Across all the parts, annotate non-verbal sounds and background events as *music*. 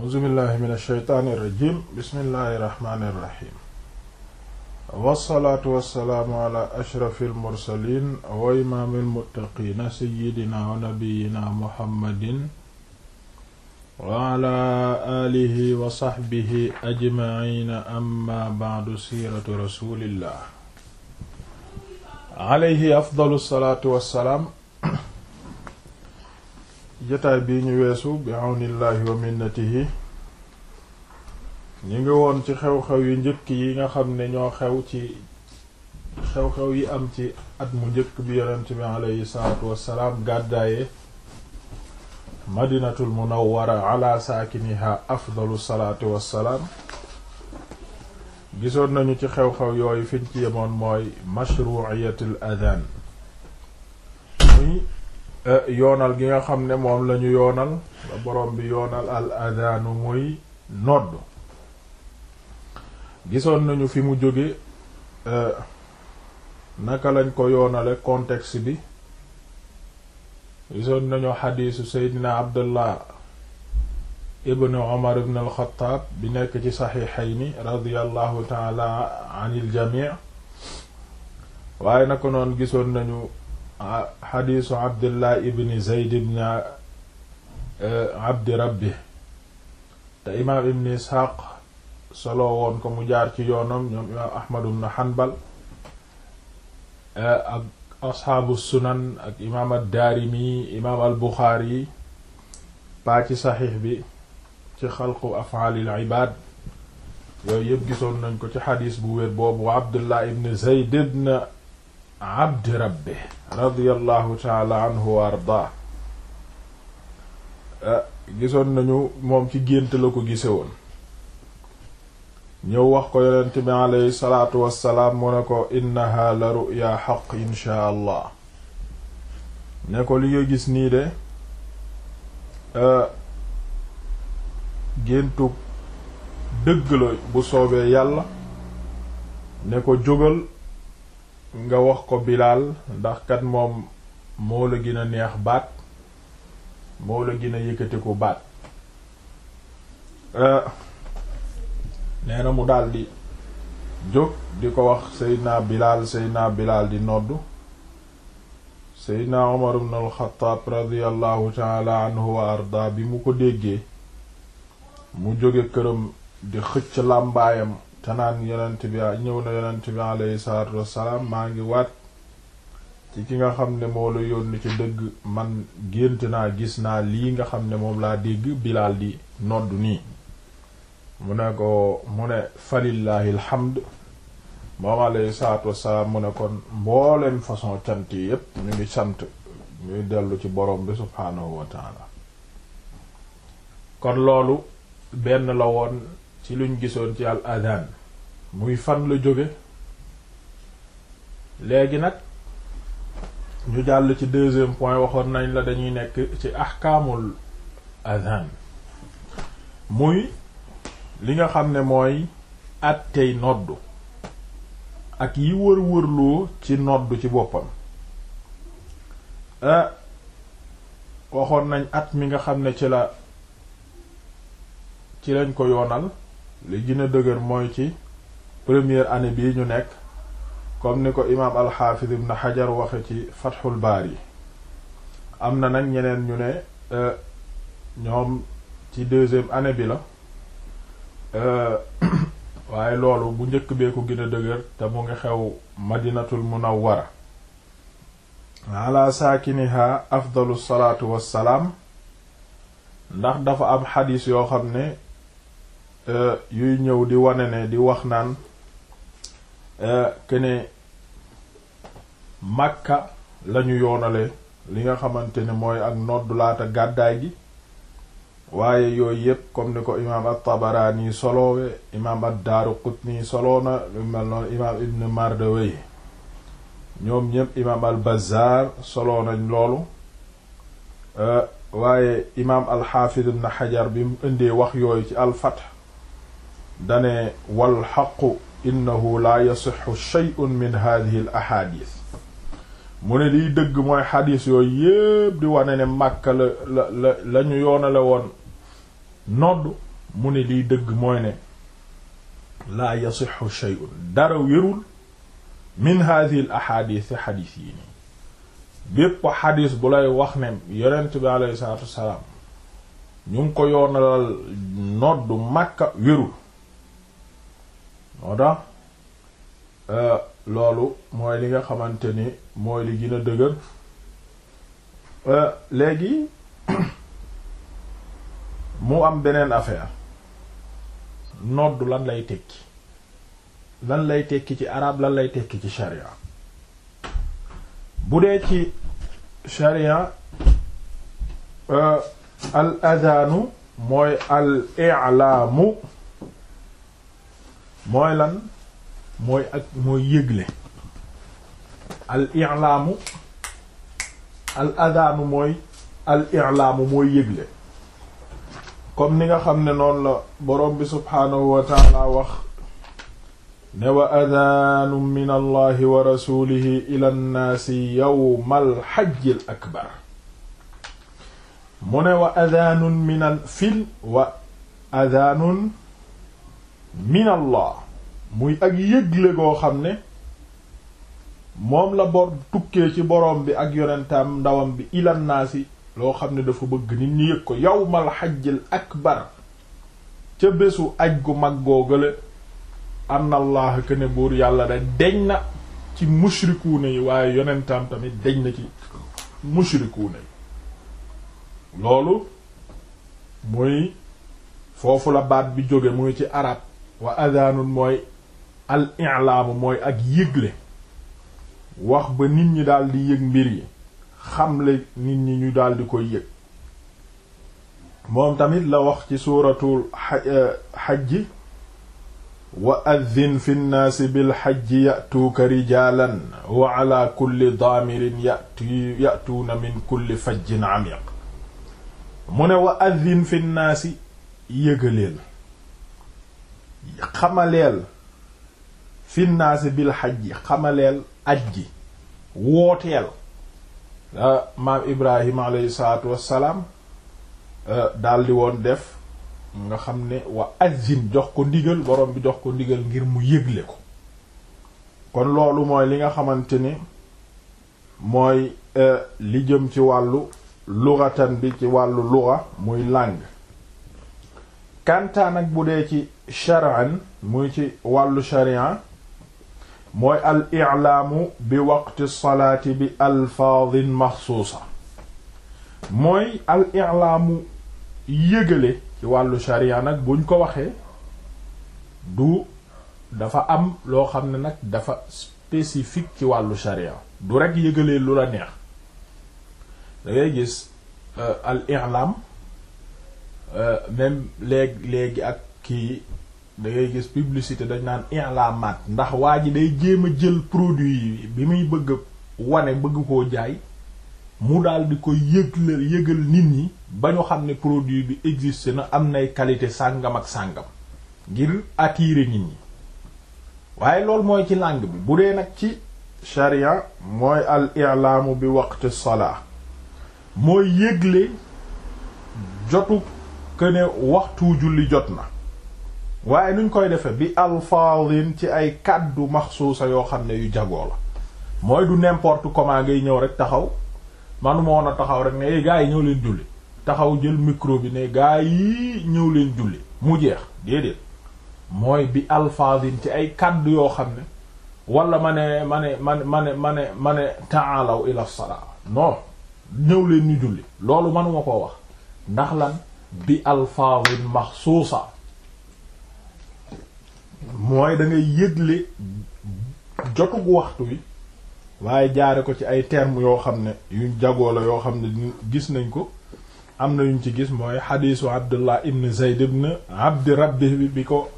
auzu billahi min asheytaani irrajim bismillahi irrahmani irrahim wasalaatu wasalaamu ala ashrafi almursalin wa imaami almuttaqina seyidina wa nabiyina muhammadin wa ala alihi wa saxbihi ajmaina amma baadu siiratu rasulillah alayhi afdalu salaatu wassalaam jotaay bii ñu weesu bi àwnillaahi wa minnatihi ñu ngi woon ci xew-xew yu njëkk yi nga xam ne ñoo xew ci xew-xew yi am ci at mu njëkk bi yonent bi aleyhi salaatu wassalaam gàddaaye madinatul munawwara ala saakiniha afdalu salaatu wassalaam gisoon nañu ci xew-xew yooyu fiñ ci yemoon mooy mashru'iyatul adhan muy Eh, yoonal gi nga xam ne moom lañu yoonal la borom bi yoonal al adaanu muy nodd gisoon nañu fi mu jóge eh, naka lañ ko yoonale contexte bi gisoon nañu xadiisu seydina abdullah ibn omar ibn alxataab bi nekk ci saxiixayni radiallahu taala an jamii waaye naka noonu gisoon nañu xadiisu abdullah ibn zeyd ibn eh, abdi rabbi te imaam ibn isxaaq solo woon ko mu jaar ci yoonam ñoom imaam ahmad ibn hanbal eh, ak asxaabu sunan ak imaam addaarimi imaam al buxaari paa ci saxiix bi ci xalqu afaalil ibaad yooyu yëpp gisoon nañ ko ci xadiis bu wér boobu wa abdullah ibn zeyd ibn abdi rabbi radiallahu taala anhu wa arda gisoon nañu moom ci gént la ko gise woon ñëw wax ko yonent bi aleyhi salaatu wassalaam mu ne ko innaha la ruya xaq inshaa allah ne ko li nga gis nii de e, géntu dëgg la bu soobee yàlla ne ko jógal nga wax ko Bilaal ndax kat moom moo la gën a neex baat moo la gën a yëkkatiku baat euh, nee mu daldi jóg di ko wax Seydina Bilaal Seydina Bilaal di nodd Seydina na ibn al-Khattab radiyallahu ta'ala anhu wa arda bi mu ko déggee mu jóge këram di xëcc làmbaayam tanaan yonent bi ñëw na yonent bi aleyhi salaatu wassalaam maa ngi waat ci ki nga xam ne moo la yónni ci dëgg man gént naa gis naa lii nga xam ne moom laa dégg bilaal di nodd nii mu ne ko mu ne falillaahi alhamd moom aleyhi salaatu wassalaam mu ne kon mbooleem façon cant yi yépp ñu ngi sant ñuy dellu ci borom bi subhaanahu wa kon loolu benn la woon ci luñ gisoon ci al adaan muy fan la jóge léegi nag ñu jàll ci deuxième point waxoon nañ la dañuy nekk ci ahkaamul adaan muy li nga xam ne mooy àttey noddu ak yi wër wërloo ci noddu ci boppam ah waxoon nañ at mi nga xam ne ci la ci lañ ko yoonal li gën dëgër mooy ci première année bii ñu nekk comme ni ko imaam alxaafiz ibn xajar waxe ci fatxul baari am na nag ñeneen ñu ne euh, ñoom ci deuxième année bi la euh, *coughs* waaye loolu bu njëkk bee ko gën dëgër te mu ngi xew madinatul munawwara ala saakiniha afdalu salaatu salaam ndax dafa am xadiis yoo xam ne Euh, yuy ñëw di wane ne di wax naan kene euh, Makka lañu yoonale li nga xamante ne mooy ak noddu laata gàddaay gi waaye yooy yépp comme ni ko imaam at-Tabarani soloowe imaam ad-Daraqutni soloo na lu mel imaam Ibn Mardawayh ñoom ñépp imaam al-Bazzar soloo nañ loolu euh, waaye imaam al-Hafiz ibn Hajar bi mu indee wax yooyu ci al-Fath dane walxaqu innahu la yasixu sheyun min hadihi l mu ne liy dëgg mooy xadis yooyu yépp di wane ne Makka la la la la ñu yoonale woon nodd mu ne liy dëgg mooy ne laa yasixu sheyun dara wérul min hadihi l ahadis ci yi nii bépp xadis bu lay wax ne yonent bi aleyhi salatu wasalaam ñu ngi ko yoonalal Makka wérul moo tax euh, loolu mooy li nga xamante ni mooy li gën dëgër euh, léegi *coughs* mu am beneen affaire noddu lan lay tekki lan lay tekki ci arab lan lay tekki ci sharia bu dee ci sharia euh, al adhaanu mooy al i'laamu mooy lan mooy ak mooy yëgle al i'laamu al adaanu mooy al i'laamu mooy yëgle comme ni nga xam ne noon la borom bi subhaanahu wa wax ne wa adaanu min allahi wa rasulihi ila nnaasi yowmal xajjil akbar mu ne wa adaanun minan fil wa adaanun minallah muy ak yëgle goo xam ne moom la bor tukkee ci boroom bi ak yonentam ndawam bi ilan naasi loo xam ne dafa bëgg nit ñi yëg ko yawmal xajjil akbar ca bésu aj gu mag googale ann allah que ne buur yàlla de deñ na ci mushrikuuna yi waaye yonentam tamit deñ na ci mushrikuuna yi loolu muy foofu la baat bi jóge muy ci arab wa adaanun mooy al i'laamu mooy ak yëgle wax ba nit ñi daldi yëg mbir yi xamle nit ñi ñu daldi koy yëg moom tamit la wax ci suuratul xajji eh, wa addin fi nnaasi bilxajji yatuuka rijaalan wa ala kulli daamirin yatu yatuuna min kulli fajjin amiq mu ne wa addin fi nnaasi yëgaleel xamaleel finnaasi bil xaj ji xamaleel aj gi wooteel la maam ibrahima aleyhi salaatu wassalaam eh, daldi woon def nga xam ne wa azin jox ko ndigal borom bi jox ko ndigal ngir mu yëgle ko kon loolu mooy li nga xamante ni mooy eh, li jëm ci wàllu lughatan bi ci wàllu lugha muy langue kantaan ak bu dee ci shar'an muy ci wàllu sharia mooy al bi waqti salaati bi alfaadin maxsuusa mooy al i'laamu yëgale ci wàllu sharia nag buñ ko waxee du dafa am loo xam ne nag dafa spécifique ci wàllu sharia du rekk yëgalee lu la neex da gis euh, al Euh, même léegi léegi ak kii dangay gis publicité dañ naan i'laamat ndax waa ji day jéem a jël produit yi bi muy bëgg wane bëgg koo jaay mu daal di koy yëgal yëgal nit ñi ba ñu xam ne produit bi existe na am nay qualité sàngam ak sàngam ngir attirer nit ñi waaye loolu mooy ci langue bi bu dee nag ci sharia mooy al i'laamu bi waqti salaa mooy yëgle jotu këne waxtu julli jot na waaye nuñ koy defe bi alfaadin ci ay kàddu maxsuusa yoo xam ne yu jagoo la mooy du n'importe comment ngay ñëw rek taxaw man moo na taxaw rek ne eh, gaa yi ñëw leen julli taxaw jël micro bi ne gaa yi ñëw leen julli mu jeex déedéet mooy bi alfaadin ci ay kàddu yoo xam ne walla ma ne ma ne ma ne ma ne ma ne ma ne taalaw ila salaa ñëw leen ñu julli loolu manuma koo wax ndax lan bi alfaadin maxsuusa mooy dangay ngay yëgle jotug waxtu wi waaye jaare ko ci ay term yoo xam ne yuñ jagoo la yoo xam ne gis nañ ko am na yuñ ci gis mooy xadiisu abdullah ibn zayd ibn abdi rabbi bi bi ko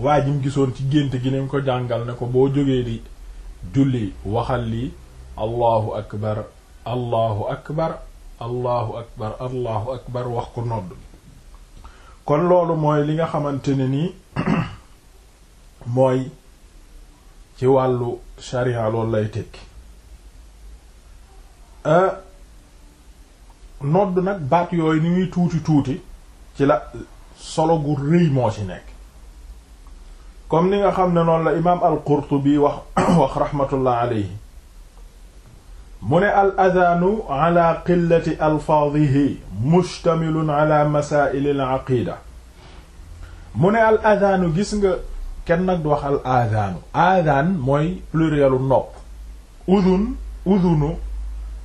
waa jim gisoon ci gént gi nañ ko jàngal ne ko boo jógee di julli waxal lii allahu akbar allahu akbar allahu akbar allahu akbar wax ko nodd kon loolu mooy li nga xamante ne nii *clears throat* mooy ci wàllu sharia loolu lay tekki euh, nodd nag baat yooyu ni muy tuuti tuuti ci la solo gu rëy moo ci nekk comme ni nga xam ne noonu la imaam al-Qurtubi wax *coughs* wax rahmatullah alayhi mu ne al adaanu ala qillati alfaadihi mustamilun ala masaili al aqida mu ne al adaanu gis nga kenn nag du wax al adaanu adaan mooy plurielu nopp udun udunu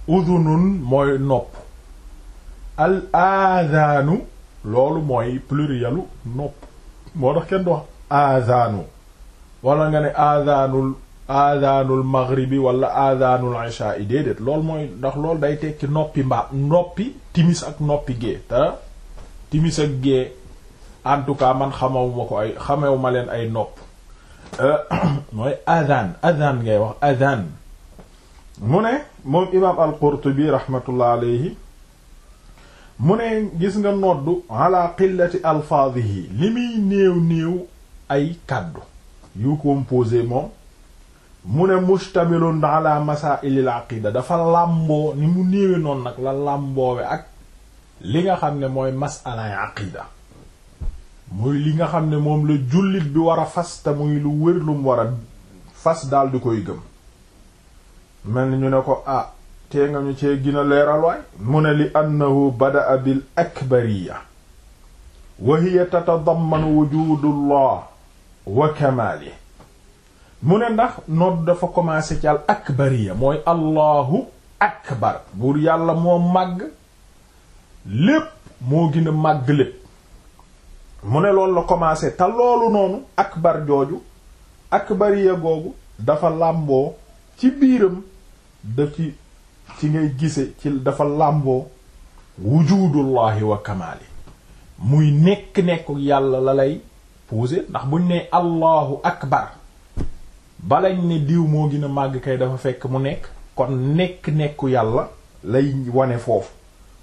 udunun mooy nopp al adaanu loolu mooy plurielu nopp moo tax kenn du wax adaanu wala nga ne adaanul aadaanul maghribi wala aadaanul isha yi déedéet loolu mooy ndax loolu day tekki noppi mbaa noppi timis ak noppi gée te timis ak gée en tout cas man xamawuma ko ay ma leen ay nopp euh, *coughs* mooy adaan adaan ngay wax adaan mu ne moom imaam al-Qurtubi rahmatullah mu ne gis nga noddu ala qillati alfaadihi li muy néew néew ay kàddu yu composé moom mu ne mustamilun ala masailil aqida dafa làmboo ni mu néewe noonu nag la làmboowe ak li nga xam ne mooy masalay aqida muy li nga xam ne moom la jullit bi war a fas te muy lu wér lu fas dal di koy gëm mel ni ñu ne ko ah tee nga ñu cee gina leeral waay mu ne li annahu badaa bil akbariya wa hiya tatadammanu wujudullah wa kamaalihi mu ne ndax nodd dafa commencé ci ak akbariya mooy allahu akbar buur yàlla moo màgg lépp moo gën a màgg lépp mu ne lool la commencé te loolu noonu akbar jooju ak akbariya googu dafa làmboo ci biiram da ci ci ngay gise ci dafa làmboo wujudullahi wa kamaali muy nekk nekk yàlla la lay poser ndax buñ ne allahu akbar balañ ne diw moo gën a màgg kay dafa fekk mu nekk kon nekk-nekku yàlla lay wane foofu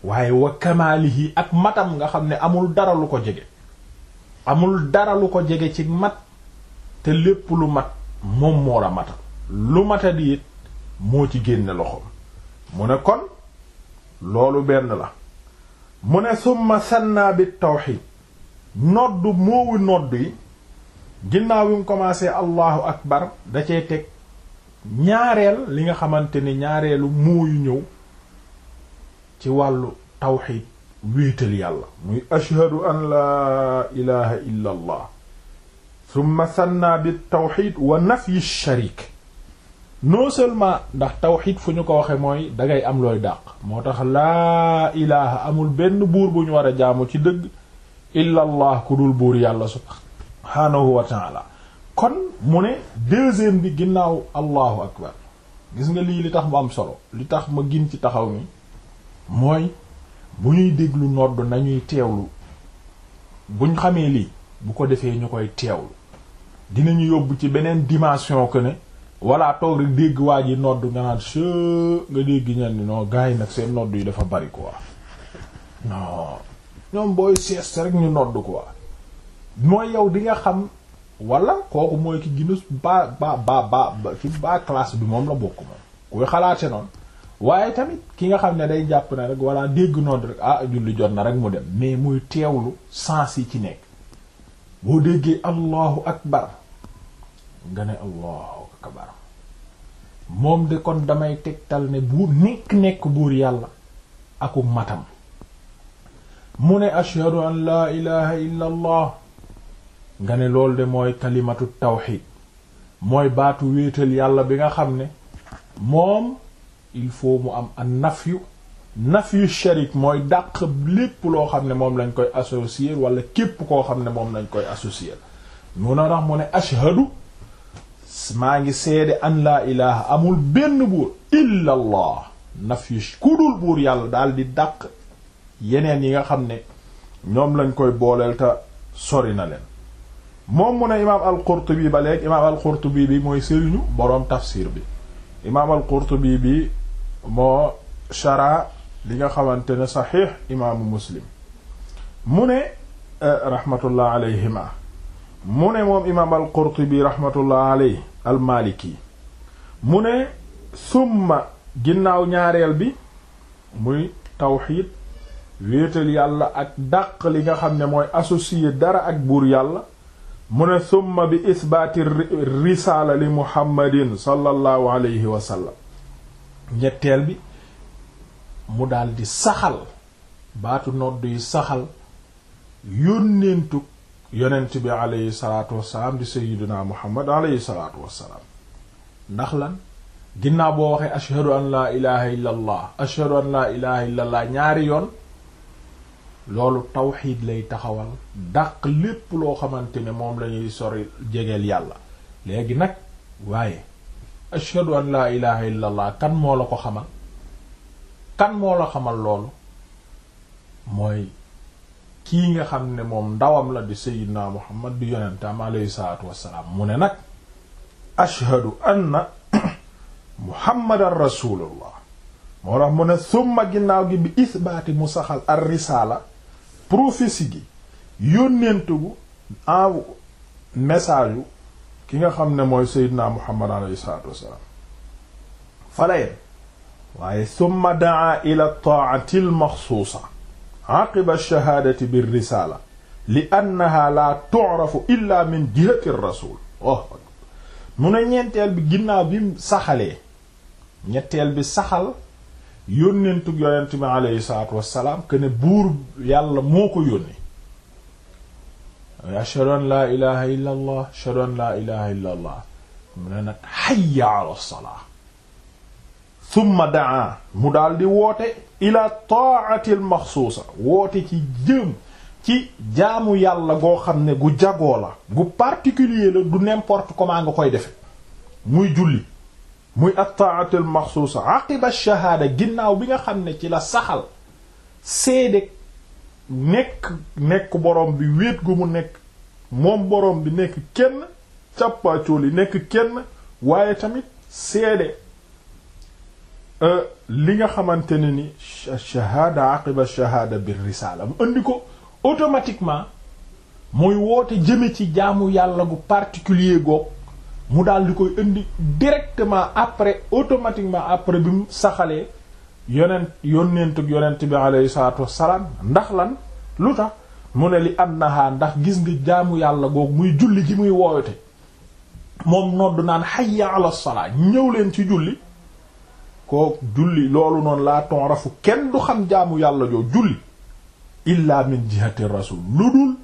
waaye wa kamaalihi ak matam nga xam ne amul dara lu ko jege amul dara lu ko jege ci mat te lépp lu mat moom moo la matal lu mata di it moo ci génne loxoom mu ne kon loolu benn la mu ne summa sanna bit tawhid noddu moowu noddu yi ginnaaw bi mu commencé allahu akbar da cee teg ñaareel li nga xamante ni ñaareelu mooyu ñëw ci wàllu tawxid wéetal yàlla muy ashhadu an laa ilaha illa allah summa sanna bi tawxid wa nafyi sharik non seulement ndax tawxid fu ñu ko waxe mooy dangay am looy dàq moo tax laa ilaha amul benn buur bu ñu war a jaamu ci dëgg illa allah ku dul buur yàlla subhanahu subhaanahu wa taala kon mu ne deuxième bi ginnaaw allahu akbar gis nga lii li tax mu am solo li tax ma gin ci taxaw mi mooy bu ñuy déglu nodd nañuy teewlu buñ xamee lii bu ko defee ñu koy teewlu dinañu yóbbu ci beneen dimension que ne walla toog rek dégg waa ji nodd nga naan se nga dégg ñan ni noo gars yi nag seen nodd yi dafa bari ko non ñoom booy sieste rek ñu nodd quoi mooy yow di nga xam walla kooku mooy ki gëna ba ba ba ba ci ba classe bi moom la bokk moom kuy xalaate noonu waaye tamit ki nga xam ne day jàpp na rek wala dégg noonu rek ah julli jot na rek mu dem mais muy teewlu sens yi ci nekk boo déggee allahu akbar nga ne allahu akbar moom de kon damay tegtal ne bu nekk nekk buur yàlla aku matam mu ne ashhadu an laa ilaha illa nga ne loolu de mooy kalimatu tawxid mooy baatu wéetal yàlla bi nga xam ne moom il faut mu am an nafyu nafyu sharik mooy dàq lépp loo xam ne moom lañ koy associer wala képp koo xam ne moom lañ koy associer mu tax mu ne ashhadu maa ngi seede an laa ilaha amul benn buur illa allah nafyu buur yàlla daal di daq yeneen yi nga xam ne ñoom lañ koy booleel te sori na leen moom mu ne imaam al-Qurtubi ba léegi imaam al-Qurtubi bi mooy sëriñu boroom tafsir bi imaam al-Qurtubi bi moo shara li nga xamante ne saxiix imaamu Muslim mu ne eh, rahmatullah alayhima mu ne moom imaam al-Qurtubi rahmatullah alayhi al-Maliki mu ne summa ginnaaw ñaareel bi muy tawxiid wéetal yàlla ak dàq li nga xam ne mooy associé dara ak buur yàlla mu ne summa bi isbaati risaala li muhammadin sallallahu alayhi wa sallam ñetteel bi mu daldi saxal baatu nodd yi saxal yónneentuk yonent bi alayhi salaatu wassalaam di sayyidina muhammad alayhi salaatu wassalaam ndax lan ginnaaw boo waxee ashhadu an laa ilaha illa ashhadu an laa ilaha illa ñaari yoon loolu tawxiid lay taxawal daq lépp loo xamante ne moom lañuy sori jegeel yàlla léegi nag waaye ashhadu an laa ilaha illa kan moo la ko xamal kan moo la xamal loolu mooy kii nga xam ne moom ndawam la di sayyidina muhammad di yonentam alayhi salaatu wassalaam mu ne nag ashhadu anna *clears throat* muhammadan rasulullah moo tax mu ne summa ginnaaw gi bi isbaati mu saxal ar risaala prophétie gi yónneentu gu en message ki nga xam ne mooy Seydina Muhammad alayhi salaatu wassalaam falayeen waaye summa daa ila taati almaxsuusa aqiba alshahaadati birrisala li annaha la tu'rafu illa min jihati rasul oh mu ne ñeenteel bi ginnaaw bi saxalee bi saxal yónnentug yonent bi aleyhi salaatu wassalaam que buur yàlla moo ko yónni ashhadu an laa ilaha illa allah laa ilaha illa mu ne nag hayya ala salaa thumma daa mu daal woote ila taati al woote ci jëm ci jaamu yàlla goo xam ne gu jagoo la gu particulier la du n'importe comment nga koy defe muy julli muy at-ta'atul maxsuusa aqiba shahaada ginnaaw bi nga xam ne ci la saxal seede nekk nekk borom bi wéet gu mu nekk moom borom bi nekk kenn càppaacóol yi nekk kenn waaye tamit seede euh, li nga xamante ne ni shahaada aqiba shahaada bir risaala mu indi ko automatiquement mooy woote jëme ci jaamu yàlla gu particulier goog mu daal di koy indi directement après automatiquement après bi mu saxalee yonent yonentug yonent bi aleyhi salaatu wassalaam ndax lan lu tax mu ne li annaha ndax gis nga jaamu yàlla googu muy julli ji muy wooyote moom nodd naan hayya ala salaa ñëw leen ci julli koo julli loolu noonu laa rafu kenn du xam jaamu yàlla joo julli illa min jihati rasul lu dul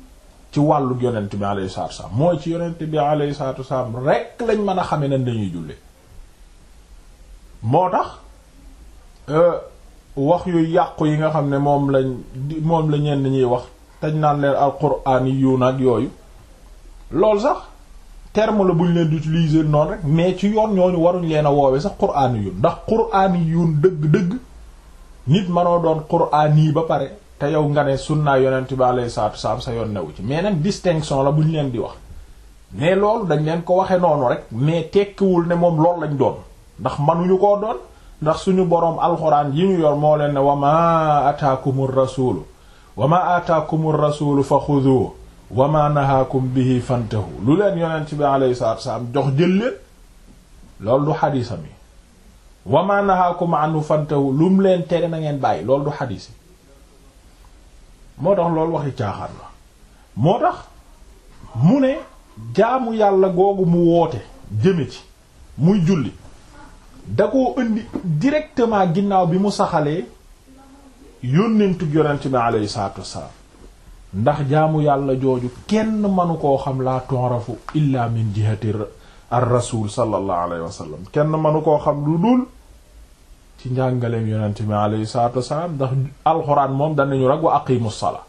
ci wàllu yonent bi alayhi salaatu wa mooy ci yonent bi alayhi salaatu wa salaam rek lañ mën a xame nan dañuy jullee moo tax euh, wax yu yàqu yi nga xam ne moom lañ moom la ñenn ñuy wax tañ naan leen alquraan yu nag yooyu loolu sax terme la buñ leen di utiliser noonu rek mais ci yoon ñooñu waruñ leen a woowee sax quraan yu ndax quraan yu dëgg-dëgg nit noo doon quraan yi ba pare te yow nga ne sunnaa yonent bi alayhi salaatu salaam sa yoon newu ci mais nag distinction la bu ñu leen di wax mais loolu dañ leen ko waxe noonu rek mais tekkiwul ne moom loolu lañ doon ndax mënuñu koo doon ndax suñu boroom alxuraan yi ñu yor moo leen ne wa ma ataakumur rasulu wa ma ataakumur rasuulu fa xuduhu wa ma nahaakum bihi fantahu lu leen yonent bi alayhi salaatu salaam jox jël leen loolu du xadiisa mi wa ma nahaakum anhu fantahu lu mu leen tere na ngeen bàyyi loolu du moo tax loolu waxi caaxaan la moo tax mu ne jaamu yàlla googu mu woote jëme ci muy julli da koo indi directement ginnaaw bi mu saxalee yónnentug yonent bi aleyhi salaatu wassalaam ndax jaamu yàlla jooju kenn mënu koo xam laa tonrafu illa min jihati ar rasul sallallahu alayhi kenn mënu koo xam lu dul ci njàngaleem yonent bi alayhi salaatu wasalaam ndax alxuraan moom danañu rek wa aqimu salaa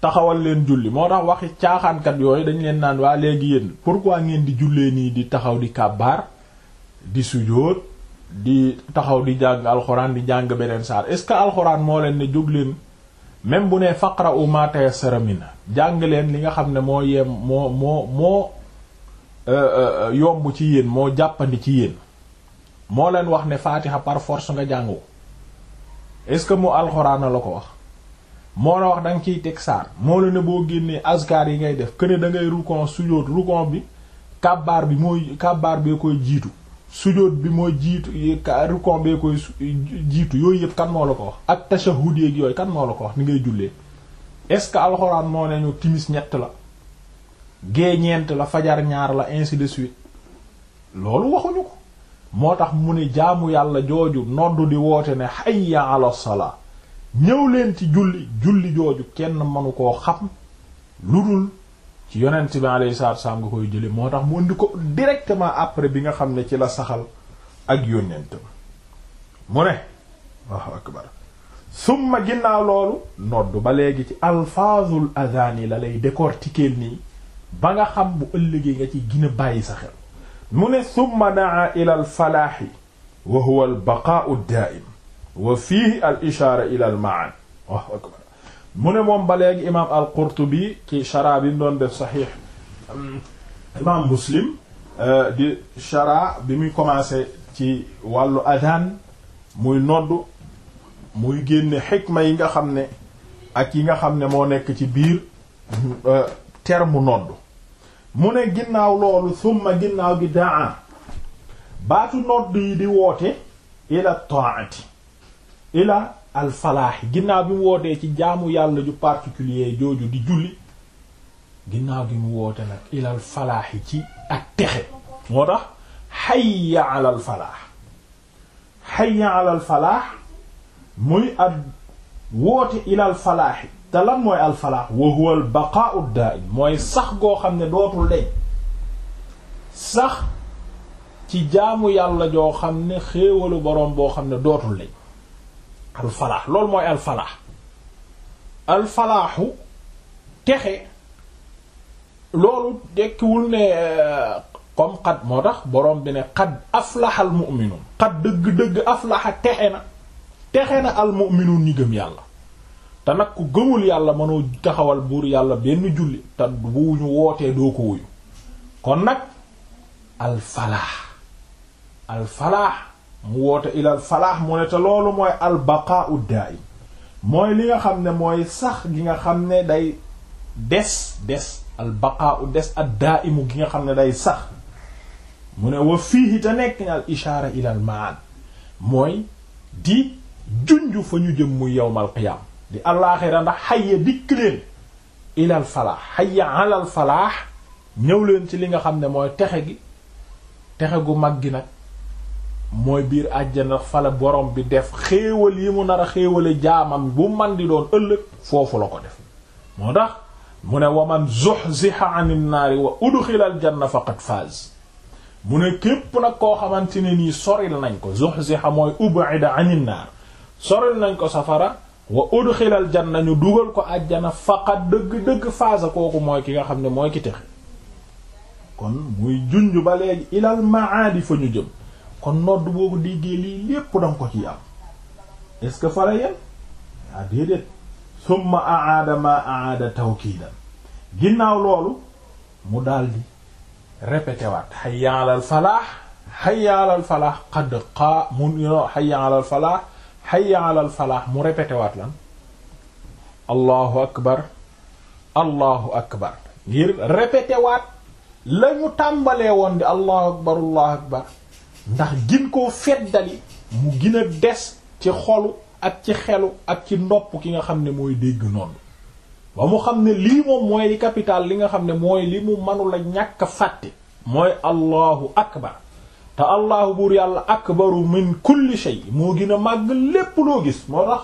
taxawal leen julli moo tax waxi caaxaankat yooyu dañu leen naan waa léegi yéen waa ngeen di jullee nii di taxaw di kàbbaar di sujóot di taxaw di jàng alxuraan di jàng beneen saar est ce que alxuraan moo leen ne jóg leen même bu ne faqra'u ma tayassara minhu jàng leen li nga xam ne moo yem moo moo moo euh, euh, yomb ci yéen moo jàppandi ci yéen moo leen wax ne faatiha par nga jàng ko est-ce que mu alxuraan la ko wax moo la wax da nga ciy teg saar moo la ne boo génnee azkar yi ngay def këne da ngay rukon sujóot rukon bi kabbaar bi mooy kabbaar bee koy jiitu sujóot bi mooy jiitu rukon bee jiitu yooyu yëpp kan moo la ko wax ak tashahhud yeeg yooyu kan moo la ko wax ni ngay jullee est-ce que alxuraan moo ne ñu timis ñett la gée ñeent la fajar ñaar la ainsi de suite loolu waxuñu ko moo tax mu ne jaamu yàlla jooju noddu di woote ne hayya ala salaa ñëw leen ci julli julli jooju kenn mënu koo xam lu dul ci yonent bi alayhi salaatu wasallam nga koy jële moo tax mu indi ko directement après bi nga xam ne ci la saxal ak yonent ba mu ne waaw summa ginnaaw loolu noddu ba léegi ci alfaazul adaan yi la lay décortiquer nii ba nga xam bu ëllëgee nga ci gina bàyyi sa xel mu ne summa daa ila alfalaaxi wa huwa albaqaau daaim wa fiihi al ishaara ila al maan Allahu akbar mu ne moom ba léegi imaam al qurtubi ci sharaa bi mu doon def saxiix imaam muslim euh, di sharaa bi muy commencé ci wàllu adaan muy nodd muy génne xikma yi nga xam ne ak yi nga xam ne moo nekk ci biir euh, terme nodd mu ne ginnaaw loolu summa ginnaaw gi daa baatu nodd yi di woote ila taati ila alfalaaxi ginnaaw bi mu wootee ci jaamu yàlla ju particulier jooju di julli ginnaaw gi mu woote nag ila alfalaaxi ci ak texe moo tax xayya ala alfalaax xayya ala alfalaax muy ab woote ila alfalaaxi te lan mooy alfalaax wa huwa al baqaa'u daa'im mooy sax goo xam ne dootul deñ sax ci jaamu yàlla joo xam ne xéewalu borom boo xam ne dootul deñ alfalaax loolu mooy alfalaax alfalaaxu texe loolu dekkiwul ne euh, comme xad moo tax boroom bi ne xad aflaxal mu'minuun xad dëgg-dëgg aflaxa texe na texe na al mu'minuun gëm yàlla te nag ku gëmul yàlla mënoo taxawal buur yàlla benn julli te bu ñu wootee doo ko wuyu kon nag alfalaax alfalaax mu woote ilal falaax mu ne te loolu mooy albaqaa uddaa'im mooy li nga xam ne mooy sax gi nga xam ne day des des albaqaa u des addaa'imu gi nga xam ne day sax mu ne wa fiihi te nekk na al ishaara ilal ma'ad mooy di junj fa ñu jëm muy yawmal qiyaam di allaaxira ndax xayya dikk leen ilal falaax xayya alal falaax ñëw leen ci li nga xam ne mooy texe gi texe gu mag gi nag mooy biir àjjana fala borom bi def xéewal yi mu nar a xéewale jaamam bu man doon ëllëg foofu la ko def moo tax mu ne waman zuhziha anin naari wa udxila al janna faqad faaz mu ne képp nag koo xamante ne nii soril nañ ko zuhziha mooy ub'ida anin naar soril nañ ko safara wa udxilal janna ñu dugal ko jana faqat dëgg-dëgg faasa kooku mooy ki nga xam ne mooy ki texe kon muy junj ba léegi ilal maadi fa ñu jëm kon nodd boo ko déggee lii lépp danga ko ci am est ce que fara yen waa ah, déedéet summa aada ma aada tawkiidan ginnaaw loolu mu dal di waat hayya alal falaax hayya alal falaax qad qaa mu hayya alal falaax hayya alal falaax mu répété waat lan allahu akbar allahu akbar ngir répété waat la ñu tàmbalee woon di allahu akbar allahu akbar ndax gin koo feddali mu gina a des ci xolu ak ci xelu ak ci ndopp ki nga xam ne mooy dégg noonu ba mu xam ne lii moom mooy capital li nga xam ne mooy li mu mënula ñàkk a fàtte mooy allahu akbar te allahu buur yàlla akbaru min kulli shay moo gën a màgg lépp loo gis moo tax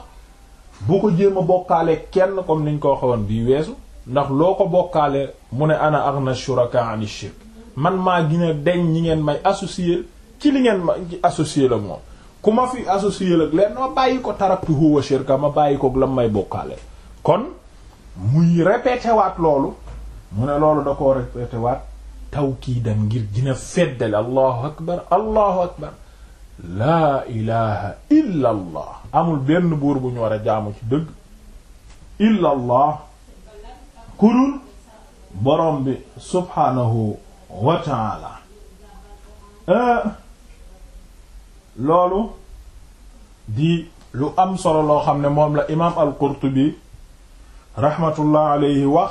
bu ko jéem bokkaale kenn comme niñ ko waxoon bii weesu ndax loo ko bokkaale mu ne ana aghna shuraka an shirk man maa gën a deñ ñi ngeen may associer ci li ngeen ma associer la moom ku ma fi associer ak leen ma bàyyi ko taraktuhu wa shirka ma bàyyi ko lam may bokkaale kon muy répété loolu mu ne loolu da ko répété waat tawkiidam ngir dina feddale allahu akbar allahu akbar laa ilaha illa amul benn buur bu ñu war a jaamu ci dëgg illa allah kurul borom bi subhaanahu wa taala euh, loolu di lu am solo loo xam ne moom la imaam al-Qurtubi rahmatullah alayhi wax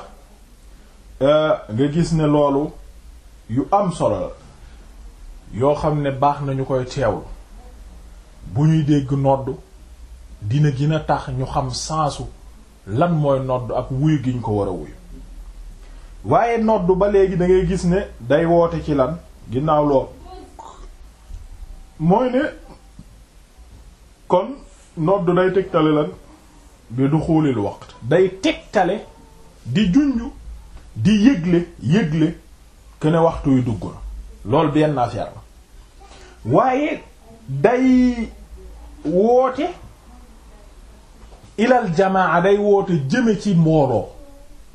euh, nga gis ne loolu yu am solo la yoo xam ne baax nañu koy teewlu bu ñuy dégg nodd dina gën a tax ñu xam sansu lan mooy nodd ak wuyu giñ ko war wuyu waaye nodd ba léegi dangay gis ne day woote ci lan ginnaaw lool mooy ne kon nodd day tegtale lan bi du xuulil wax day tegtale di junj di yëgle yëgle ne waxtu yu dugg na loolu benn affaire la waaye day woote ilal jamaa day woote jëme ci mbooloo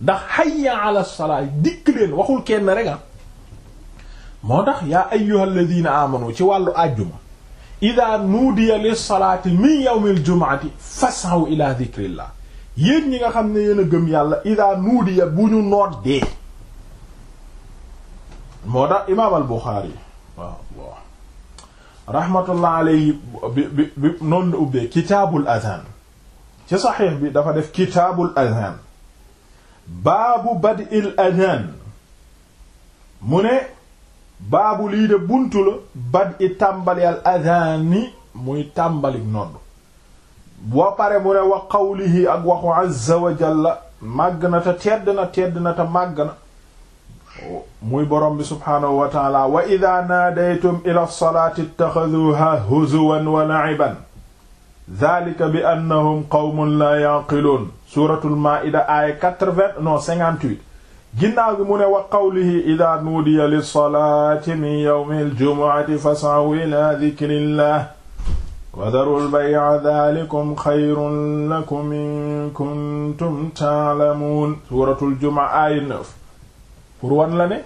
ndax hayya ala salaa dikk leen waxul kenn rek ah. moo tax yaa ayyuhal ladina amanu ci wàllu àjjuma ida nuudiya lis salaati min yawmil jumaati fasaw ila dhikrillah yéen ñi nga xam ne yéen gëm yàlla ida nuudiya bu ñu noot dee moo tax imaam al Buxaari waaw waaw bi bi bi noonu ubbee kitaabul azan ci saxiix bi dafa def kitaabul azan baabu bad'il azan mu ne baabu lii de buntu la bad'i tàmbali al azani muy tàmbalik nodd boo pare mu ne wa qawlihi ak waxu azza wa màgg na te tedd na tedd na te màgg na muy borom bi subhaanahu wa taala wa ida naadaytum ila lsalaati ittaxaduuha huzuwan wa la'iban dhalika bi annahum qawmun laa ya'qiluun suuratul maa'ida aaya 80 non 58 ginnaaw gi mu ne wa qawlihi ida nuudiya lissalaati min yawmi aljumu'ati fas'aw ila dhikrillah wa dharu al-bay'a dhalikum khayrun lakum in kuntum ta'lamuun suuratul jumu'a aaya 9 pour wan la ne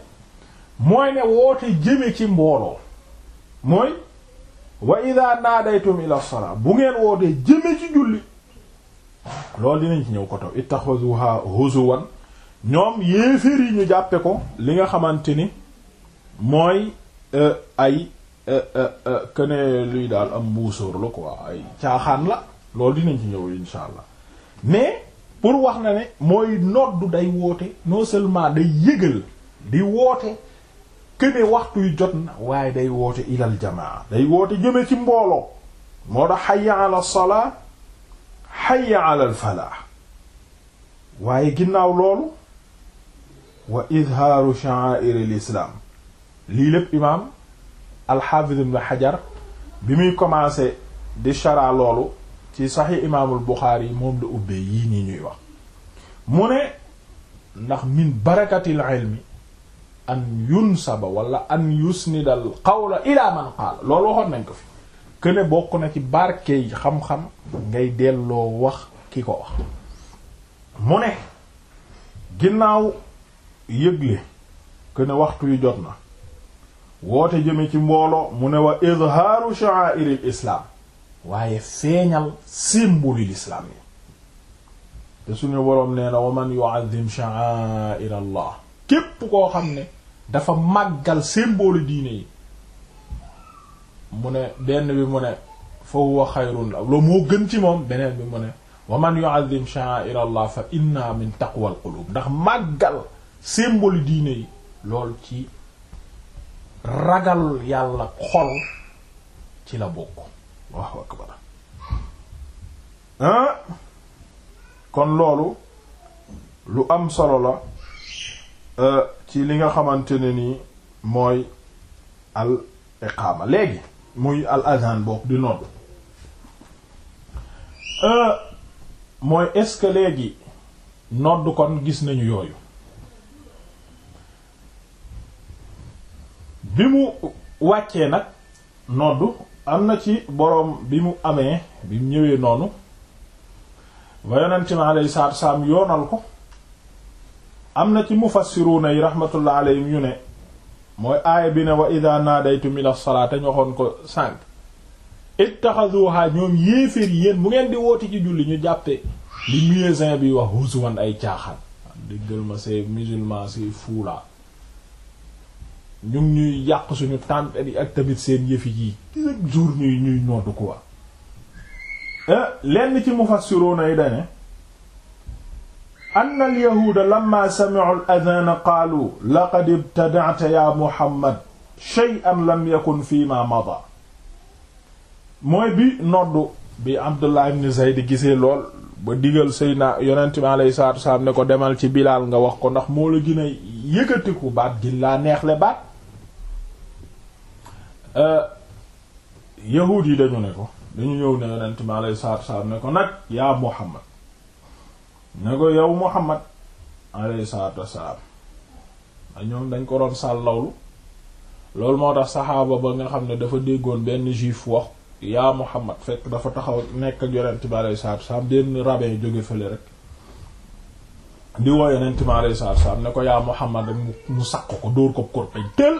mooy ne woote jëme ci mbooloo mooy wa ida naadaytum ila salaa bu ngeen wootee jëme ci julli loolu dinañ ci ñëw ko taw ittaxazuha huzuwan ñoom yéeféer yi ñu jàppe ko li nga xamante ni mooy euh, ay kene euh, euh, luy daal am mbuusóor la quoi ay caaxaan la loolu dinañ ci ñëw insha allah mais pour wax na ne mooy noddu day woote non seulement day yëgal di woote këne waxtu yu jot na waaye day woote ilal jamaa day woote jëme ci mbooloo moo tax hayya ala salaa hayya ala al falaa waaye ginnaaw loolu wa izhaaru sha'aa'ir al islaam lii lépp imaam al-Hafiz ibn bi muy commencé di chara loolu ci saxi imaamul Buxaari moom la ubbee yii nii ñuy wax mu ne ndax min barakatil ilmi an yunsaba wala an yusnidal qawla ila man qaala loolu waxoon nañ ko fi këne bokk na ci barke yi xam-xam ngay delloo wax ki ko wax mu ne ginnaaw yëgle këne waxtu yu jot na woote jëme ci mbooloo mu ne wa izhaaru sha'a'iril islaam waaye feeñal symbole l'islam yi te suñu boroom nee na wa man yu'azzim sha'a'ir Allah képp koo xam ne dafa màggal symbole diine yi mu ne benn bi mu ne fa huwa xayrun la loolu moo gën ci moom beneen bi mu ne wa man yu'azzim sha'a'ir Allah fa inna min taqwal qulub ndax màggal symbole diine yi lool ci ragal yàlla xol ci la bokk waaw akbar ah, kon loolu lu am solo la eh, ci li nga xamante ne nii mooy al iqaama léegi muy al azan bokk di nodd eh, mooy est-ce que léegi nodd kon gis nañu yooyu bi mu wàccee nag nodd am na ci boroom bi mu amee bi mu ñëwee noonu ba yonent mi alayhi salaatu salaam yoonal ko am na ci mu mufassiruuna yi rahmatullah alayhim yu ne mooy aaya bi ne wa idha naadaytum ila salaati ñu waxoon ko sànq ittaxaduha ñoom yéeféer yéen bu ngeen di woote ci julli ñu jàppe li muezzin bi wax huzwan ay caaxaan déggal ma c'est musulman c'est fou ñu ngi ñuy yàq suñu tempête yi ak tamit seen yëfi yi chaque jour ñuy ñuy noddu quoi eh, lenn ci mufassiruna yi dane anna alyahuuda lamma sami'u al-adhaan qaalu laqad ibtada'ta ya muhammad shay'an lam yakun fi ma mada mooy bi noddu bi abdullah ibn zayd gisee lool ba digal Seydina yonent bi alayhi salaatu wasalaam ne ko demal ci bilaal nga wax ko ndax moo la gën a yëkkatiku baat gi laa neexle baat Euh, yahuud yi dañu ne ko dañu yow ne yonent mi alayhi salaatu salaam ne ko nag yaa Muhammad ne ko yow Muhammad alayhi salaatu wasalaam ñoom dañ ko doon sàll lawlu loolu moo tax saxaaba ba nga xam ne dafa déggoon benn juif wax yaa Muhammad fekk dafa taxaw nekk ak yonent mi alayhi salaatu wasalaam benn rabbin jóge fële rek di woo yonent mi alayhi salaatu wasalaam ne ko yaa Muhammad mu sàq ko dóor ko korpeñ tël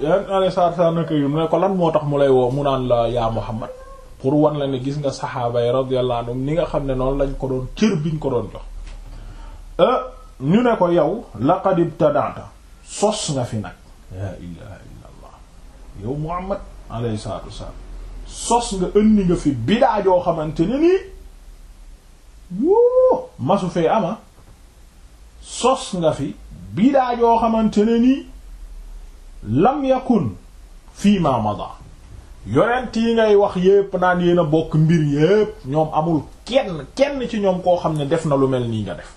yan alayhi salaam naka yu mu ne ko lan moo tax mu lay woo mu naan la yaa Muhammad pour wan la ne gis nga saxaaba yi radiyallahu anhum ni nga xam ne noonu lañ ko doon cër ñu ko doon jox euh, ñu ne ko yow laqad ibtada'ta sos nga fi nag la ilaha illa allah yow Muhammad alayhi salaatu wasalaam sos nga indi nga fi bidaa xamante ne nii wuu masu fee ama ah. sos nga fi bidaa xamante nii lam yakun fii ma mada yonent yi ngay wax yépp naan yéen a bokk mbir yépp ñoom amul kenn kenn ci ñoom koo xam ne def na lu mel nii nga def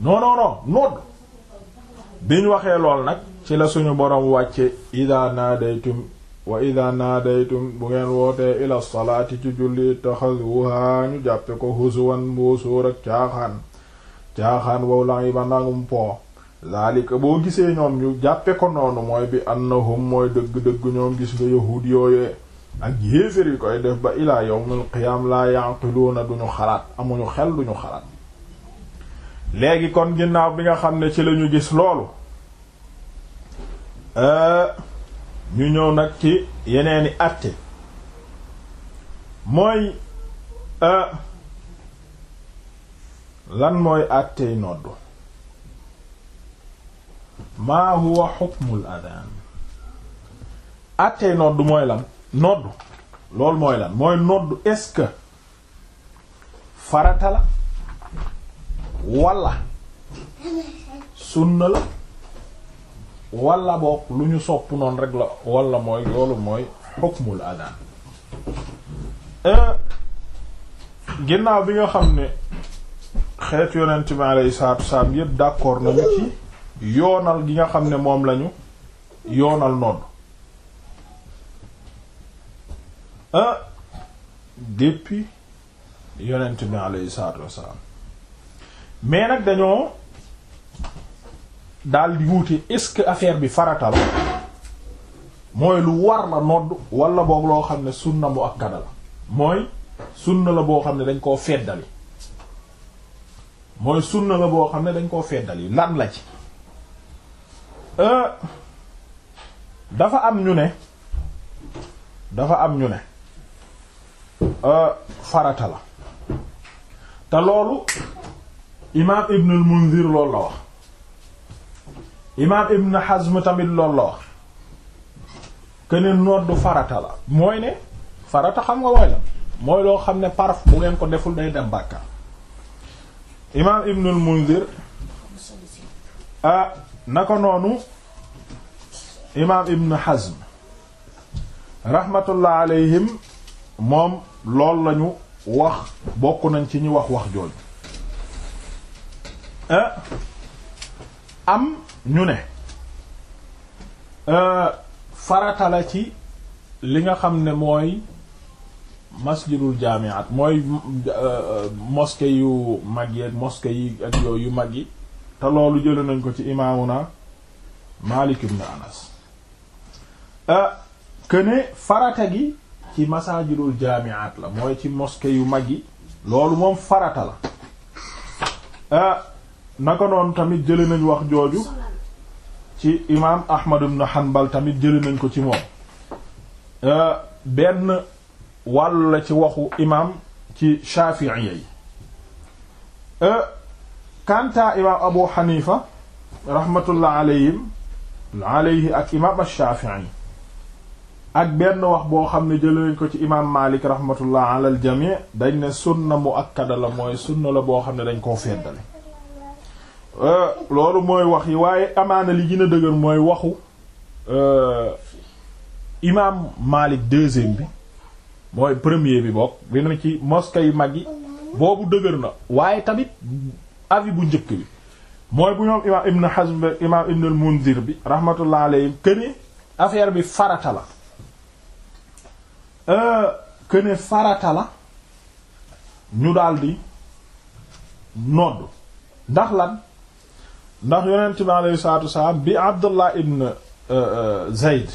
non non biñ waxee lool nag ci la suñu boroom wàcce ida naadaytum wa ida naadaytum bu ngeen wootee ila salaati ci julli taxaduha ñu jàppe ko husuwan mbóosóor ak caaxaan caaxaan wow la yi ba nangum po zaalika boo gisee ñoom ñu jàppe ko noonu mooy bi annahum mooy dëgg-dëgg ñoom gis nga yahuud yooyee ak yéefér yi koy def ba ilaa yawmul qiyaam laa yanqiluuna duñu xalaat amuñu xel duñu xalaat léegi kon ginnaaw bi nga xam ne ci lañu gis loolu euh, ñu ñëw nag ci yeneeni àtte mooy euh, lan mooy àttey noddu maa huwa xukmul adaan attey nodd mooy lan nodd loolu mooy lan mooy nodd est-ce farata la wala sunna la wala boog lu ñu sopp noonu rek la wala mooy loolu mooy xukmul adaan euh, ginnaaw bi nga xam ne xeet yonent bi alayhi salaatu wasalaam yépp d'accord nañu ci yoonal gi nga xam ne moom lañu yoonal nodd ah depuis yonent bi alayhi salaatu wassalaam mais nag dañoo daal di wuute est-ce que affaire bi faratal mooy lu war la nodd wala boog loo xam ne sunna mu akkada la mooy sunna la boo xam ne dañ koo feddali mooy sunna la boo xam ne dañ koo feddali lan la ci Euh, dafa am ñu ne dafa am ñu ne euh, farata la te loolu imaam Ibn al-Munzir loolu la wax imaam Ibn Hazm tamit loolu la wax kene noddu farata la mooy ne farata xam nga mooy la mooy loo xam ne parf bu ngeen ko deful day dem bàkkaar imaam Ibn al naka noonu imaam Ibn Hazm rahmatullah alayhim moom lool lañu wax bokk nañ ci ñu wax wax jooj eh, am ñu ne eh, faratala ci li nga xam ne mooy masjidul jaami'at mooy eh, moske yu mag yi ak yi yu mag yi te loolu jële nañ ko ci imaamuna Malik ibn Anas këne euh, farata gi ci masaajidul jaami'at la mooy ci mosquée yu mag yi loolu moom farata la euh, naka noonu tamit jële nañ wax jooju ci imaam Ahmad ibn Hanbal tamit jële nañ ko ci moom euh, benn wàllu la ci waxu imaam ci Shafi'i yi kanta imaam abu xanifa rahmatullah alayhim alayhi ak imaam ashafii ak benn wax boo xam ne jëlañ ko ci imaam malik rahmatullah ala al jami dañ ne sunna muakkada la mooy sunna la boo xam ne dañ koo feddale euh, loolu mooy wax yi waaye amaana li gën a dëgër mooy waxu euh, imaam malik deuxième bi mooy premier bi bokk bi na ci moska yu mag yi boobu dëgër na waaye tamit avis bu njëkk bi mooy bu ñoom imaam Ibn Hazm imaam Ibn al bi rahmatullah alayhi këne affaire bi farata la këne euh, farata la ñu daldi nodd ndax lan ndax yonent bi alayhi salaatu wasalaam bi Abdullah Ibn euh, euh, Zayd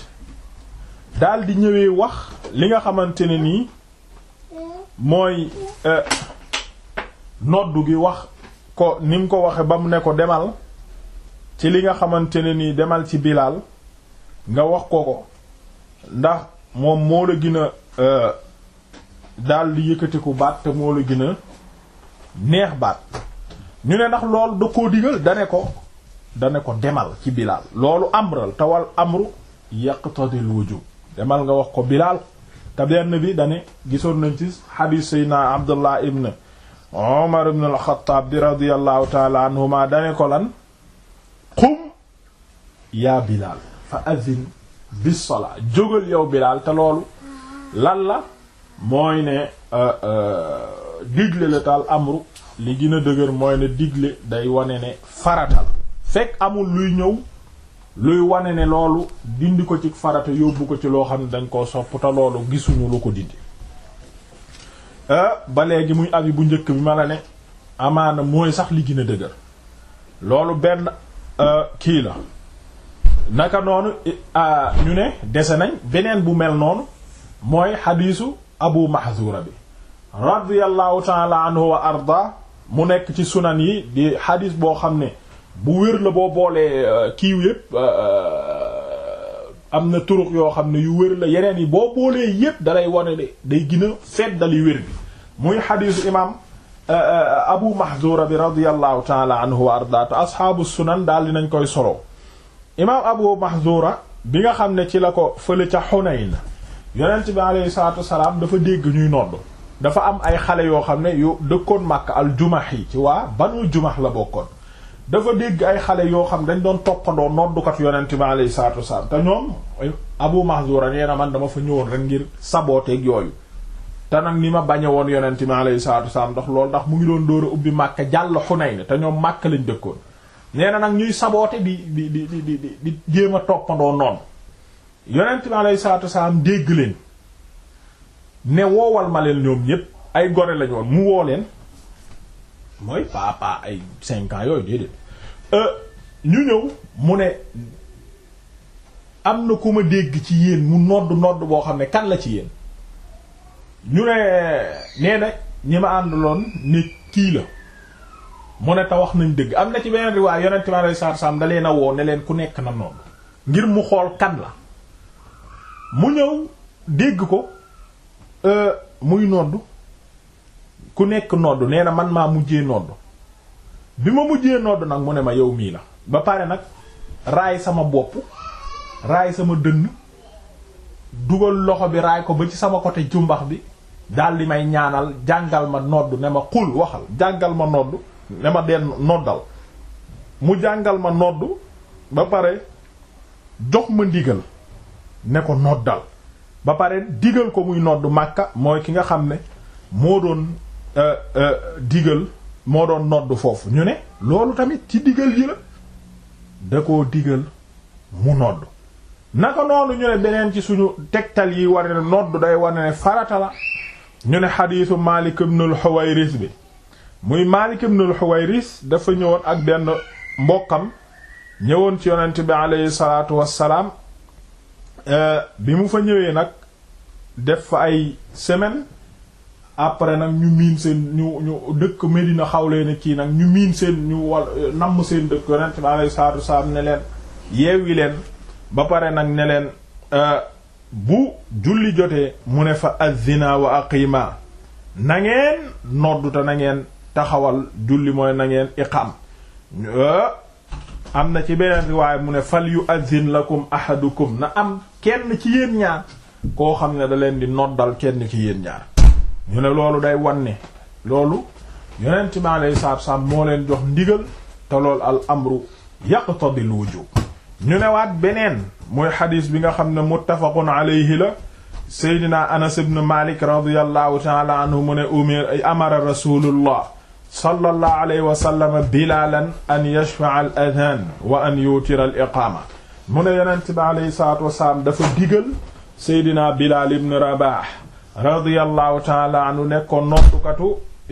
daldi ñëwee wax li nga xamante ne nii mooy noddu gi wax ko ni mu ko waxe ba mu ne ko demal ci li nga xamante ne nii demal ci Bilaal nga wax ko ko ndax moom moo la gën a euh, daal di yëkkatiku baat te moo la gën a neex baat ñu ne ndax lool da koo digal dane ko dane ko demal ci Bilaal loolu amral tawal amru yaqtadil wujub demal nga wax ko Bilaal te benn bi dane gisoon nañ ci xadiis Seydina Abdullah ibn Omar ibn al-Khattab bi radiyallahu taala anhuma dane ko lan qum yaa Bilaal fa adhin bi salaa jógal yow Bilaal te loolu lan la mooy ne euh, euh, digle la taal amru li gën a dëgër mooy ne digle day wane ne farata la fekk amul luy ñëw luy wane ne loolu dindi ko ci farata yóbbu ko ci loo xam ne dañ koo sopp loolu gisuñu lu ko dindi Euh, ba léegi muy avis bu njëkk bi ma la ne amaana mooy sax li gën a dëgër loolu benn euh, kii la naka noonu euh, ñu ne dese nañ beneen bu mel noonu mooy xadiisu abu mahzura bi radiyallahu taala anhu arda mu nekk ci sunan yi di xadiis boo xam ne bu wér la boo boolee kiiw yépp am na turux yoo xam ne yu wér la yeneen yi boo boolee yépp dalay wane de day gina a feddali wér bi muy xadiisu imaam eh, eh, abu mahzura bi radiallahu taala anhu wa ardaatu asxaabu sunan daal nañ koy solo imaam abu mahzura bi nga xam ne ci la ko fële ca xunayn yonent bi aleyhi salaatu wasalaam dafa dégg ñuy nodd dafa am ay xale yoo xam ne yu dëkkoon màkk al jumax yi ci waa banu jumax la bokkoon dafa dégg ay xale yoo xam ne dañ doon toppandoo noddukat yonent bi aleyhi salaatu wasalaam te ñoom abu mahzura nee na man dama fa ñëwoon rek ngir sabooteeg yooyu te nag ni ma bañe woon yonent mi alayhi salaatu wasalaam ndax loolu ndax mu ngi doon dóor a ubbi Màkka jàll Xunayn te ñoom màkk lañ dëkkoon nee na nag ñuy saboote bi di di di di di jéem a toppandoo noonu yonent mi alayhi salaatu wasalaam dégg leen ne woowal ma leen ñoom ñépp ay gore lañ woon mu woo leen mooy papa ay cinq ans yooyu déedéet euh, ñu ñëw mu ne am na ku ma dégg ci yéen mu nodd nodd boo xam ne kan la ci yéen ñu ne nee na ñi ma ànduloon ni kii la mu ne tawax wax nañ dëgg am na ci beneen riwaay yonent bi alayhi salaatu salaam da leen woo ne leen ku nekk na noonu ngir mu xool kan la mu ñëw dégg ko euh, muy nodd ku nekk nodd nee na man maa mujjee nodd bi ma mujjee nodd nag mu ne ma yow mii la ba pare nag raay sama bopp raay sama dënn dugal loxo bi raay ko ba ci sama côté jumbax bi daal di may ñaanal jàngal ma nodd ne ma xul waxal jàngal ma nodd ne ma deen noddal mu jàngal ma nodd ba pare jox ma ndigal ne ko noddal ba pare digal ko muy nodd Makka mooy ki nga xam ne moo doon euh, euh digal moo doon nodd foofu ñu ne loolu tamit ci digal yi la da koo digal mu nodd naka noonu ñu ne beneen ci suñu tegtal yi war ne nodd day war ne farata la ñu ne xadiisu Maalik ibnul Xuwayris bi muy Maalik ibnul Xuwayris dafa ñëwoon ak benn mbokkam ñëwoon ci yonent bi aleyhi salaatu wassalaam euh, bi mu fa ñëwee nag def fa ay semaine après nag ñu miin seen ñu ñu dëkk Medina xawle kii nag ñu miin seen ñu wal namm seen dëkk yonent bi aleyhi salaatu wassalaam ne leen yeewi leen ba pare nag ne leen euh, bu julli jotee mu ne fa azzina wa aqima na ngeen nodduta na ngeen taxawal julli mooy na ngeen iqam am na ci beneen riwaay mu ne fal yu azzin lakum ahadukum na am kenn ci yéen ñaar koo xam ne da leen di noddal kenn ci yéen ñaar ñu ne loolu day wanne loolu yonent bi alayhi salaatu wassalaam moo leen jox ndigal te loolu al amru yaqtadil wujub ñu ne waat beneen mooy xadis bi nga xam ne muttafaqun alayhi la seydina anas ibn malik radiallahu taala anhu mu ne umir amara rasulullah sallallahu alayhi wa sallam bilalan an yashfa'a al adhan wa an yutira al iqaama mu ne yonent bi alayhi salaatu wasalaam dafa digal seydina bilal ibn rabah radiallahu taala anhu nekkoon noddukatu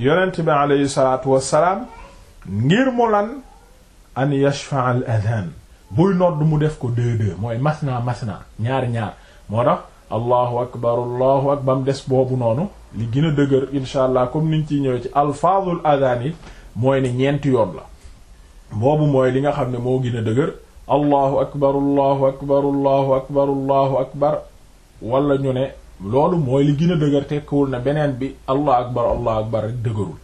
yonent bi alayhi salaatu wasalaam ngir mu lan an yashfa'a al adhan buy nodd mu def ko deux deux mooy masna masna ñaar ñaar moo tax allahu akbar allahu akbar bam des boobu noonu li gën a dëgër insha allah comme niñ ciy ñëwee ci alfaadul adaan yi mooy ne ñeenti yoon la boobu mooy li nga xam ne moo gën a dëgër allahu akbar allahu akbar allahu akbar allahu akbar wala ñu ne loolu mooy li gën a dëgër tekkiwul na beneen bi allah akbar allah akbar rek dëgërul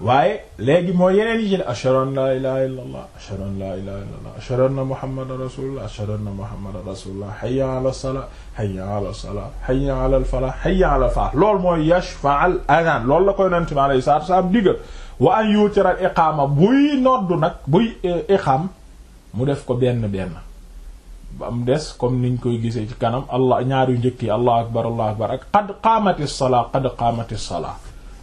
waaye léegi moo yeneen yi ci ashhadu an la ilaha illa allah ashhadu an la ilaha illa allah ashhadu anna muhammadan rasulullah ashhadu anna muhammadan rasulullah hayya ala salah hayya ala salah hayya ala al falah hayya ala al falah loolu mooy yashfa al adhan loolu la koy nante mi alei saatu salaam digal wa an yutira al iqama buy noddu nag buy eh, iqam mu def ko benn benn am des comme niñ koy gisee ci kanam allah ñaar yu njëkk yi allahu akbar allahu akbar ak qad qaamati salaa qad qaamati salaa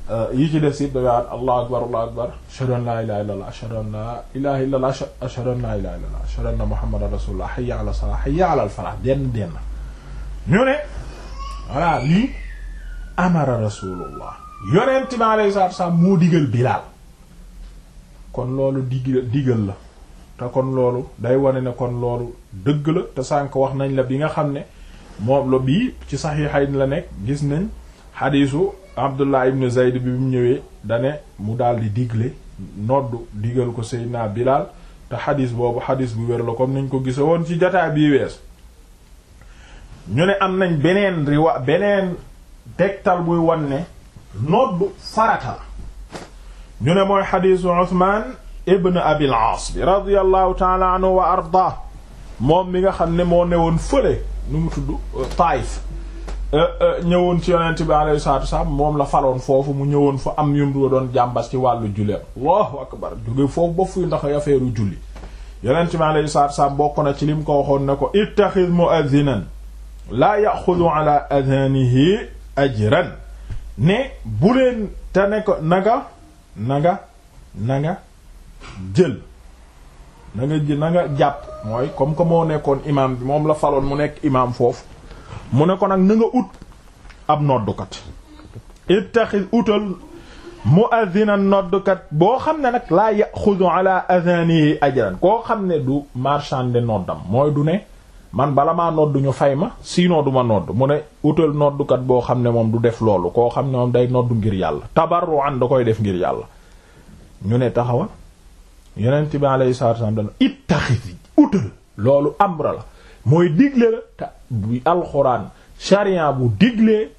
Euh, yi ci des it da ngaa allahu akbar allahu akbar ashhadu an la ilaha illallah la ilaha an la ilaha illallah ashhadu anna muhammadan rasulullah hayya ala salah hayya ala al falah denn denn ñu ne voilà lii amara bi alayhi kon loolu dig digal la te kon loolu day wane ne kon loolu dëgg la te sànk wax nañ la bi nga xam ne moom la bii ci yi la nekk gis nañ xadiisu Abdullah ibn Zayd bi mu ñëwee dane mu daal di digle noddu digal ko Seydina Bilal te xadis boobu xadis bu wér la comme niñ ko gisa woon ci jotaay bii wees ñu ne am nañ beneen riwa beneen tegtal buy wan ne noddu farata ñu ne mooy xadisu Usmaan ibn Abil Aas bi radiyallahu taala anhu wa arda moom mi nga xam ne moo woon fële mu tudd Taayif Euh, euh, ñëwoon ci yonent bi alayhi salaatu wasallam moom la faloon foofu mu ñëwoon fa am yum la doon jàmbas ci wàllu julleem Allahu akbar jóge foofu ba fuy ndax affaire julli yonent bi alayhi salaatu wasallam bokk na ci lim ko waxoon ne ko ittaxid mu'adhinan laa yaxudu ala adhanihi ajran ne bu leen te ne ko nanga nanga nanga jël nanga jël nanga jàpp mooy comme que moo nekkoon imaam bi moom la faloon mu nekk imaam foofu mu ne ko nag na nga ut ab noddukat ittaxid utal mu'adhinan noddukat boo xam ne nag laa yaxudu ala adhanihi ajran koo xam ne du marchand de noddam mooy du ne man bala maa nodd ñu fay ma sinon du ma nodd mu ne utal noddukat boo xam ne moom du def loolu koo xam ne moom day nodd ngir yàlla tabarruan da koy def ngir yàlla ñu ne taxawal yeneen bi alayhi salaatu wa salaam utal loolu amra la mooy digle la te bu alxuraan sharia bu diglee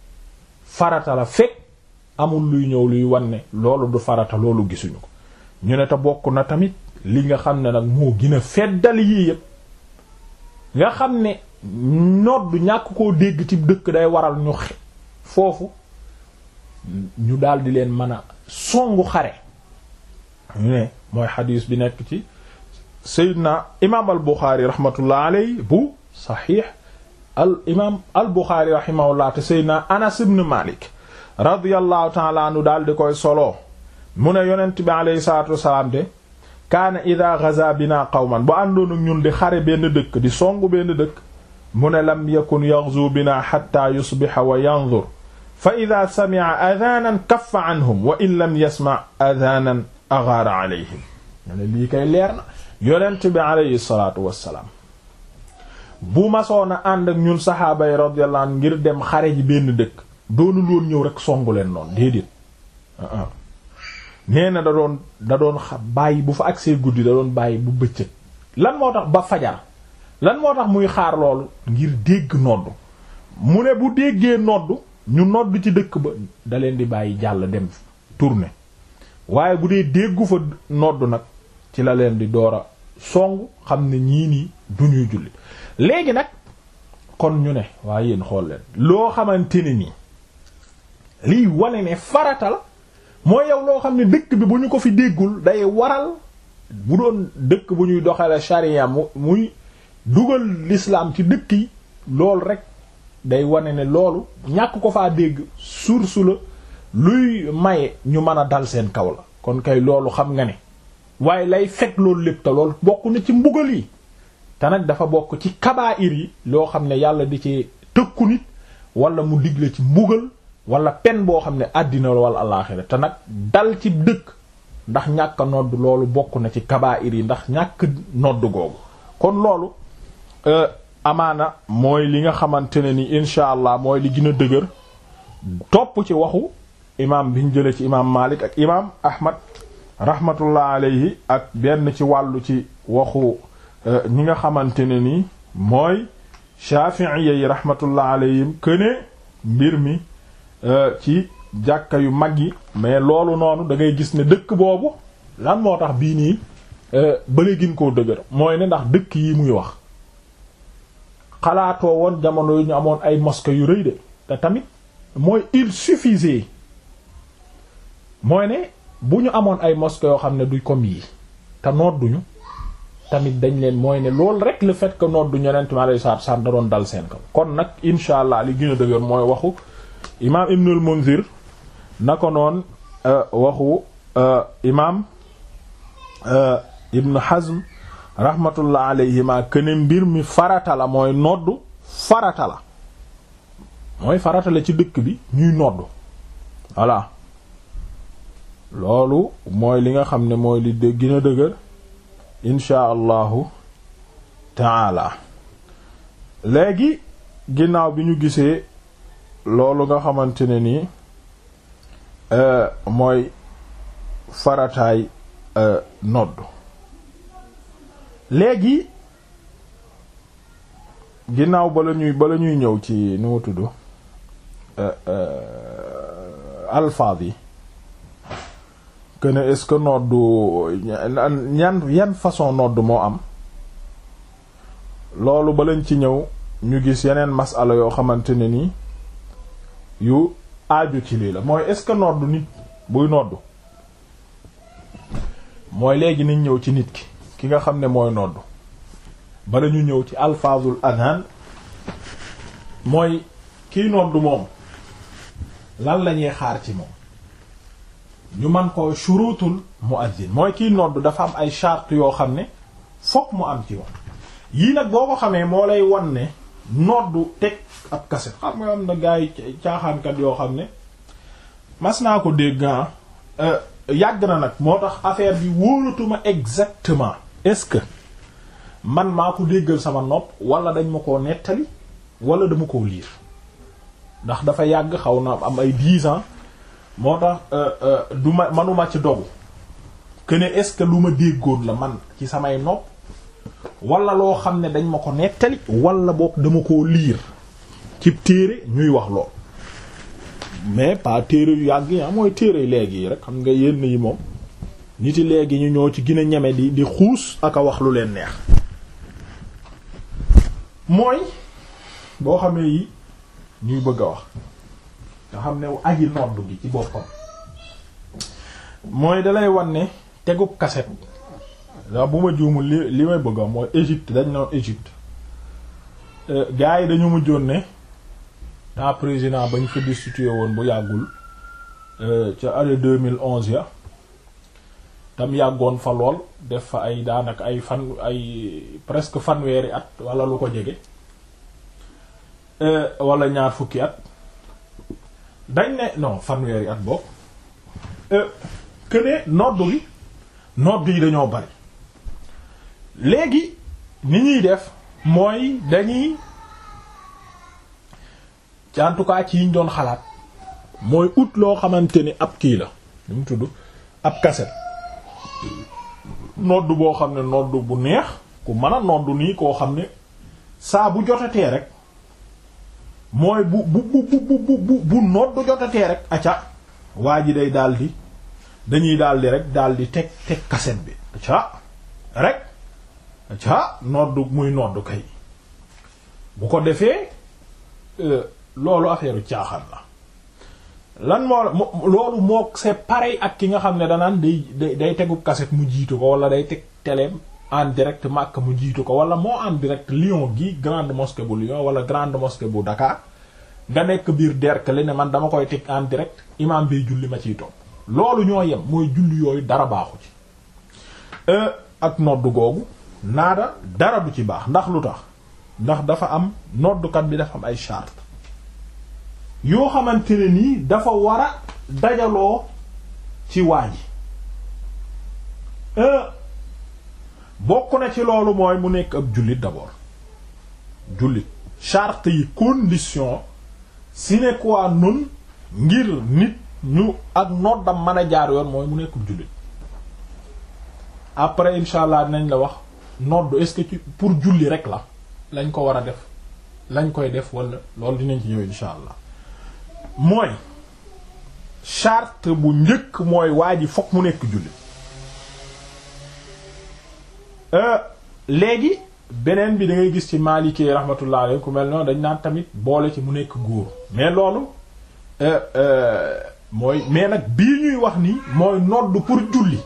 farata la fekk amul luy ñëw luy wanne loolu du farata loolu gisuñu ko ñu ne te bokk na tamit li nga xam ne nag moo gën a feddal yii nga xam ne nodd ñàkk koo dégg ci dëkk day waral ñu foofu ñu daal di leen mën a songu xare ñu ne mooy xadiis bi nekk ci Seydina na al Buxaari rahmatullah aley bu saxiix al imaam al Buxaari rahimahullah te seydna Anas ibn Malik radiyallahu taala anhu daal di koy solo mu ne yonent bi aleyhi salaatu wasalaam de kaana ida gaza bina qawman bu àndoon ak ñun di xare benn dëkk di songu benn dëkk mu ne lam yakun yaghzu bina xatta yusbiha wa yanzur fa ida sami'a adaanan kaffa anhum wa in lam yasma adaanan agaara alayhim ñu ne lii kay leer na yonent bi aleyhi salaatu wasalaam bu masoon a ànd ak ñun saxaaba yi ngir dem xare ji benn dëkk doonu loon ñëw rek songu leen noonu déedéet ah, ah nee na da doon da doon xa bàyyi bu fa agsee guddi da doon bàyyi bu bëccëg lan moo tax ba fajar lan moo tax muy xaar loolu ngir dégg nodd mu ne bu déggee nodd ñu nodd ci dëkk ba da leen di bàyyi jàll dem turne waaye bu dee déggu fa nodd nag ci la leen di doora a song xam ne ñii nii du julli léegi nag kon ñu ne waaye yéen xool leen loo xamante ne nii liy wane ne faratal la mooy yow loo xam ne dëkk bi bu ñu ko fi déggul day waral bu doon dëkk bu ñuy doxalee charia mu muy dugal lislaam ci dëkk yi loolu rek day wane ne loolu ñàkk ko faa dégg source la luy maye ñu mën a dal seen kaw la kon kay loolu xam nga ne waaye lay fekk loolu lépp te loolu bokk na ci mbugal yi te nag dafa bokk ci kabaa'ir yi loo xam ne yàlla di ci tëkku nit wala mu digle ci mbugal wala pen boo xam ne àddina wala alaaxira te nag dal ci dëkk ndax ñàkk nodd loolu bokk na ci kabaa'ir yi ndax ñàkk nodd googu kon loolu euh, amaana mooy li nga xamante ne ni incha allah mooy li gën a dëgër topp ci waxu imaam bi ñu jëlee ci imaam Malik ak imaam Ahmad rahmatullah alayhi ak benn ci wàllu ci waxu ñi euh, nga xamante ne ni mooy Shafi'i yi rahmatullah alayhim këne mbir mi euh, ci jàkka yu mag yi mais loolu noonu da ngay gis ne dëkk boobu lan moo tax bii nii euh, bële gin koo dëgër mooy ne ndax dëkk yi muy wax xalaatoo woon jamono yu ñu amoon ay mosquée yu rëy de te tamit mooy il suffisait mooy ne bu ñu amoon ay mosquée yoo xam ne du comme yi te nodduñu tamit dañ leen mooy ne loolu rek le fait que noor du ñorent maa lay saar doon dal seen kaw kon nag incha allah li gën dëgër mooy waxu imaam Ibnul Munzir euh, waxu euh, imaam euh, Ibn Hazm rahmatullah alayhima këne mbir mi farata la mooy noddu farata la mooy ci dëkk bi ñuy noddu voilà loolu mooy li nga xam ne mooy li gën a dëgër. insha allahu taala léegi ginnaaw bi ñu gisee loolu nga xamante ne nii euh, mooy farataay euh, nodd léegi ginnaaw bala ñuy bala ñuy ñëw ci nu mu tudd euh, alfaaz yi que ne est-ce que noddu ñan yan façon noddu moo am loolu ba lañ ci ñëw ñu gis yeneen masala yoo xamante ne ni yu aaju ci lii la mooy est-ce que noddu nit buy noddu mooy léegi niñ ñëw ci nit ki ki nga xam ne mooy noddu bala ñu ñëw ci alfaazul adhan mooy kiy noddu moom lan lañuy xaar ci moom ñu man koo ko mu muazzin mooy kiy nodd dafa am ay charte yoo xam ne fokk mu am ci wax yii nag boo ko xamee moo lay wan ne noddu teg ak kaset xam nga am na gars caaxaankat yoo xam ne mas naa ko dégg ah, euh, yàgg na nag moo tax affaire bi wóoratuma exactement est-ce que man maa ko déggal sama nopp wala dañ ma ko nettali wala dama ko liir ndax dafa yàgg xaw na am ay dix moo tax euh, euh, du ma manuma ci dogu que ne est-ce que lu ma déggoon la man ci samay nopp walla loo xam ne dañ ma ko nettali wala boog dama ko liir ci téere ñuy wax lool mais pas téere yu yàgg yi ah, mooy téere léegi yi rek xam nga yenn yi moom nit yi léegi ñu ñoo ci gën a ñeme di di xuus ak wax lu leen neex mooy boo xamee yi ñuy bëgg a wax nga xam ne aji nodd gi ci boppam mooy dalay wan ne tegub kaset da bu ma juumul li li may bëgg am mooy Égypte dañ noon Égypte euh, gars yi dañu mujjoon ne temps président bañ fa woon bu yàggul euh, ca année 2011 ya tam yàggoon fa lool def fa ay daanaka ay fan ay presque fanweeri at wala lu ko jege euh, wala ñaar fukki at dañ ne non fanweeri at bokk euh, que ne nodd gi nodd yi dañoo bari léegi ni ñuy def mooy dañuy ci en tout ci yiñ doon xalaat mooy ut loo xamante ni ab kii la ñu mu tudd ab kaset nodd boo xam ne nodd bu neex ku mën a nodd nii koo xam ne saa bu jotatee rek mooy bu bu bu bu bu bu nodd jotatee rek aca waa ji day daldi dañuy daldi rek daldi teg teg kaset bi aca rek aca nodd muy nodd kay bu ko defee euh, loolu affaire caaxaan la lan moo loolu moo c'est pareil ak ki nga xam ne danaan day day tegu kaset mu jiitu ko wala day teg teleem en direct Makka mu jiitu ko wala moo en direct Lyon gi grande mosquée bu Lyon wala grande mosquée bu Dakar nga nekk biir Derklé ne man dama koy teg en direct imam bi julli ma ciy topp loolu ñoo yem mooy julli yooyu dara baaxu ci e, ak nodd googu naada dara du ci baax ndax lu tax ndax dafa am noddukat bi dafa am ay charte yoo xamante ne nii dafa war a dajaloo ci waaji e, bokk na ci loolu mooy mu nekk ab jullit d'abord jullit charte yi condition sine qua non ngir nit ñu ak noddam mën a jaar yoon mooy mu nekk ab jullit après insha allah dinañ la wax nodd est pour julli rek la lañ ko war a def lañ koy def wala loolu dinañ ci ñëw insha allah mooy charte bu njëkk mooy waa ji fokk mu nekk jullit Euh, léegi beneen bi da ngay gis ci Maliki rahmatullah alayhi ku mel noonu dañ naan tamit boole ci mu nekk góor mais loolu euh, euh, mooy mais nag bii ñuy wax ni mooy nodd pour julli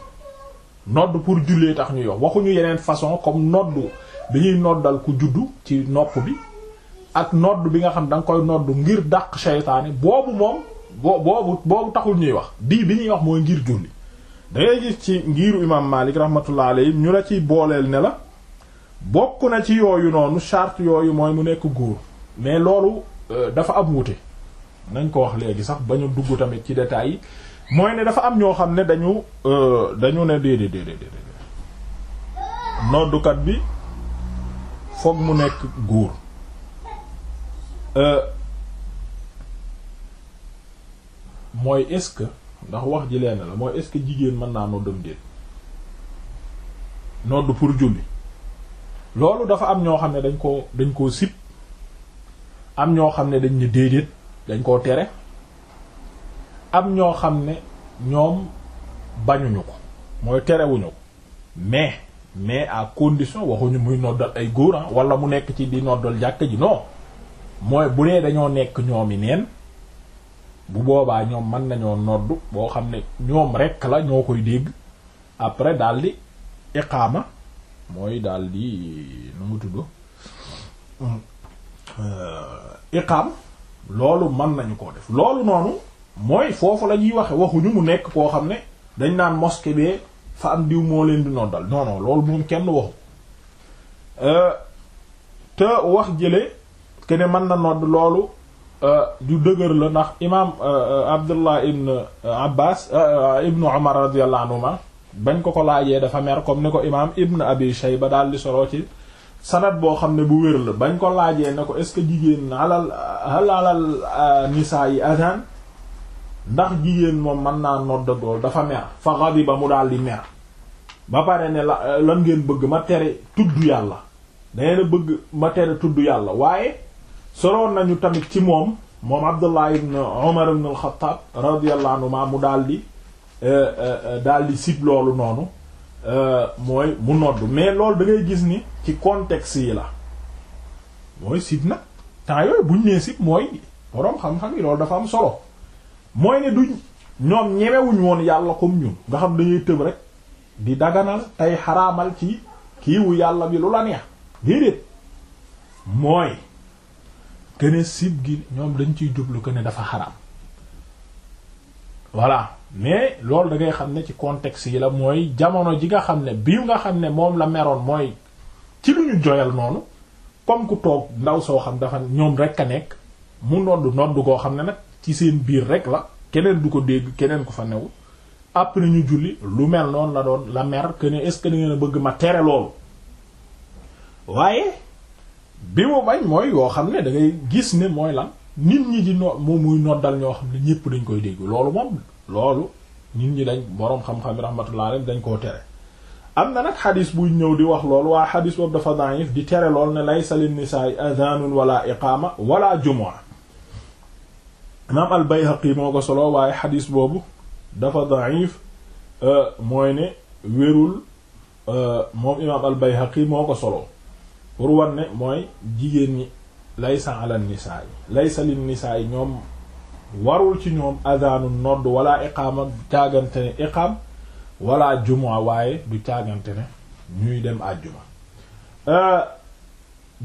nodd pour jullee tax ñuy wax waxuñu yeneen façon comme nodd bi ñuy noddal ku juddu ci nopp bi ak nodd bi nga xam da nga koy nodd ngir dàq seytaane boobu moom boobu boobu taxul ñuy wax bii bi ñuy wax mooy ngir julli dangay gis ci ngiiru imam Malik rahmatullah alayhi ñu la ciy booleel ne la bokk na ci yooyu noonu charte yooyu mooy mu nekk góor mais loolu euh, dafa am wute nañ ko wax léegi sax ba ñu tamit ci détails yi mooy ne dafa am ñoo xam ne dañu euh, dañu ne déedéet déedéet déedéet noddukat bi foog mu nekk góor euh, mooy est-ce que ndax wax ji leen la mooy est-ce que jigéen mën naa noddam déet nodd pour julli loolu dafa am ñoo xam ne dañ koo dañ koo sit am ñoo xam ne dañ ne déedéet dañ koo tere am ñoo xam ne ñoom bañuñu ko mooy terewuñu ko mais mais à condition waxuñu muy noddal ay góor ah, wala mu nekk ci di noddal jàkk ji non mooy bu nee dañoo nekk ñoomi neen bu boobaa ñoom mën nañoo noddu boo xam ne ñoom rekk la ñoo koy dégg après daldi iqaama mooy daldi nu mu tudd euh, iqaam loolu mën nañu koo def loolu noonu mooy foofu la ñuy waxe waxuñu mu nekk koo xam ne dañ naan mosquée bee fa am diw moo leen di noddal non non loolu moom kenn waxu euh, te wax jële ke mën na nodd loolu Euh, du dëgër la ndax imaam euh, euh, Abdullah ibn Abbas ibn Umar radiyallahu anhuma bañ ko ko laajee dafa mer comme ni ko imaam ibn Abi ba daal di solo ci sanad boo xam ne bu wér la bañ ko laajee ne ko est-ce que jigéen alal alal nisaa yi adhan ndax jigéen moom mën naa nodd dool dafa mer fa ba mu daal di mer ba pare ne la lan ngeen bëgg ma tere tudd yàlla dangeen bëgg ma tere tudd yàlla waaye soloon nañu tamit ci moom moom Abdullah ibn Umar ibn al-Khattab radiyallahu anhuma mu daal di eh, eh, eh, daal di sib loolu noonu mooy mu nodd mais loolu dangay gis ni ci contexte yi la mooy sib nag temps yooyu buñ nee sib mooy boroom xam-xam yi loolu dafa am solo mooy ne duñ ñoom ñemewuñ woon yàlla comme ñun nga xam dañuy tëb rek di daganal tey xaraamal ci kiiwu yàlla bi lu la neex déedéet mooy kene sib gi ñoom dañ ciy jublu que ne dafa xaraam voilà mais loolu da ngay xam ne ci contexte yi la mooy jamono ji nga xam ne biu nga xam ne moom la meroon mooy ci lu ñu joyal noonu comme ku toog ndaw soo xam dafa ñoom rek a nekk mu nodd nodd koo xam ne nag ci seen biir rek la keneen du ko dégg keneen ku fa newul après ñu julli lu mel noonu la doon la mer que ne est-ce que da ngeen a bëgg ma tere loolu waaye bi mu bañ mooy yoo xam ne dangay gis ne mooy lan nit ñi di no mu muy noddal ñoo xam ne ñépp dañ koy dégg loolu moom loolu nit ñi dañ boroom xam-xam yi rahmatullah dañ koo tere am na nag xadis buy ñëw di wax loolu waa xadis dafa da'if di tere lool ne laysa lin nisa'i adhanun wala iqama wala jumu'a imam al bayhaqi moo ko solo waaye xadis boobu dafa da'if euh, mooy ne wérul euh, moom imam al bayhaqi moo ko solo pour wan ne mooy jigéen ñi laysa ala nisaa yi laysa lin yi ñoom warul ci ñoom adanu nodd wala iqaam ak caagante ne iqaam wala juma waaye du càggante ne ñuy dem àjjuma euh,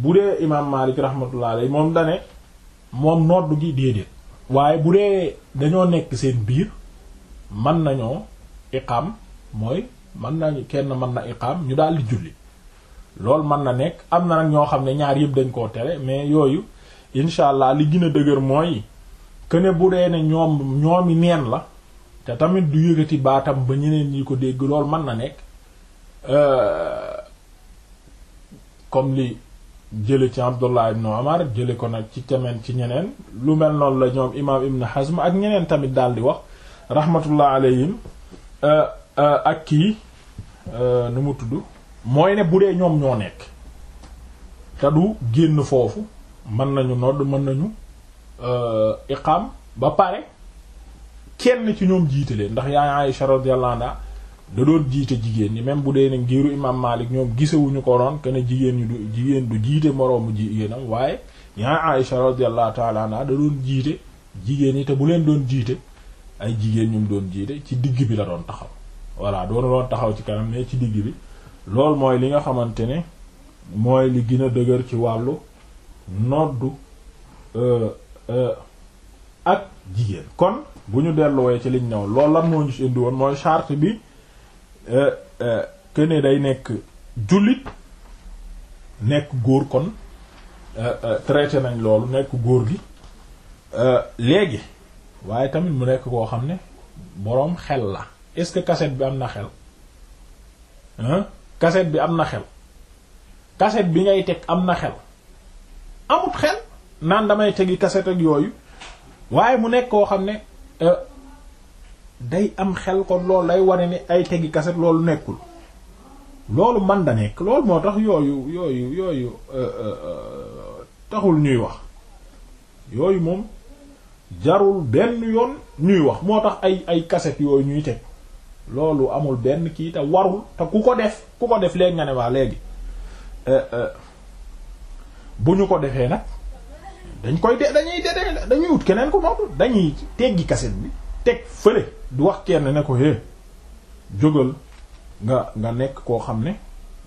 bu dee imaam Maalik rahmatullah alayhi moom dane moom nodd gi déedéet waaye bu dee dañoo nekk seen biir mën nañoo iqaam mooy mën nañu kenn mën na iqaam ñu di julli loolu mën na nekk am na nag ñoo xam ne ñaar yëpp dañ koo tere mais yooyu incha allah li gën a dëgër mooy que bu dee ne ñoom ñoomi neen la te tamit du yëkkati baatam ba ñeneen ñi ko dégg loolu mën na nekk euh, comme li jële ci Abdullah ibn Omar jële ko nag ci tamit ci ñeneen lu mel noonu la ñoom imaam Ibn Hazm ak ñeneen tamit daal di wax rahmatullah alayhim euh, euh, ak kii nu mu tudd mooy ne bu dee ñoom ñoo nekk te du génn foofu mën nañu nodd mën nañu euh, iqam ba pare kenn ci ñoom jiite leen ndax yaa Aïsha radiyallahu anha jiite jigéen ñi même bu dee ne ngiru imam gisewuñu ko noon jigéen ñu du jigéen du jiite moroomu jigéenam waaye yaa Aïsha radiyallahu naa anha da doon jiite jigéen ñi te bu leen doon jiite ay jigéen ñum doon jiite ci digg bi la doon taxaw voilà doon doon taxaw ci kanam ne ci digg bi loolu mooy li nga xamante ne mooy li gën a dëgër ci wàllu noddu euh, euh, ak jigéen kon bu ñu delluwee ci liñ ñëw lool lan moo ñu ci woon mooy charte bi këne euh, day nekk jullit nekk góor kon traité nañ loolu nekk góor gi léegi waaye tamit mu nekk koo xam ne boroom xel la est-ce que cassette bi am na xel cassette bi am na xel cassette bi ngay teg am na xel amut xel naan damay tegi cassette ak yooyu waaye mu nekk koo xam ne euh, day am xel ko loolu lay ware ni ay tegi cassette loolu nekkul loolu man da nekk loolu moo tax yooyu yooyu yooyu euh, euh, taxul ñuy wax yooyu moom jarul benn yoon ñuy wax moo tax ay ay cassette yooyu ñuy teg loolu amul benn kii te warul te ku ko def ku ko def léegi nga ne waa léegi eh, eh, bu ñu ko defee nag dañ koy de dañuy de dañuy wut keneen ko moom dañuy teggi kaset bi teg fële du wax kenn ne ko hé jógal nga nga nekk koo xam ne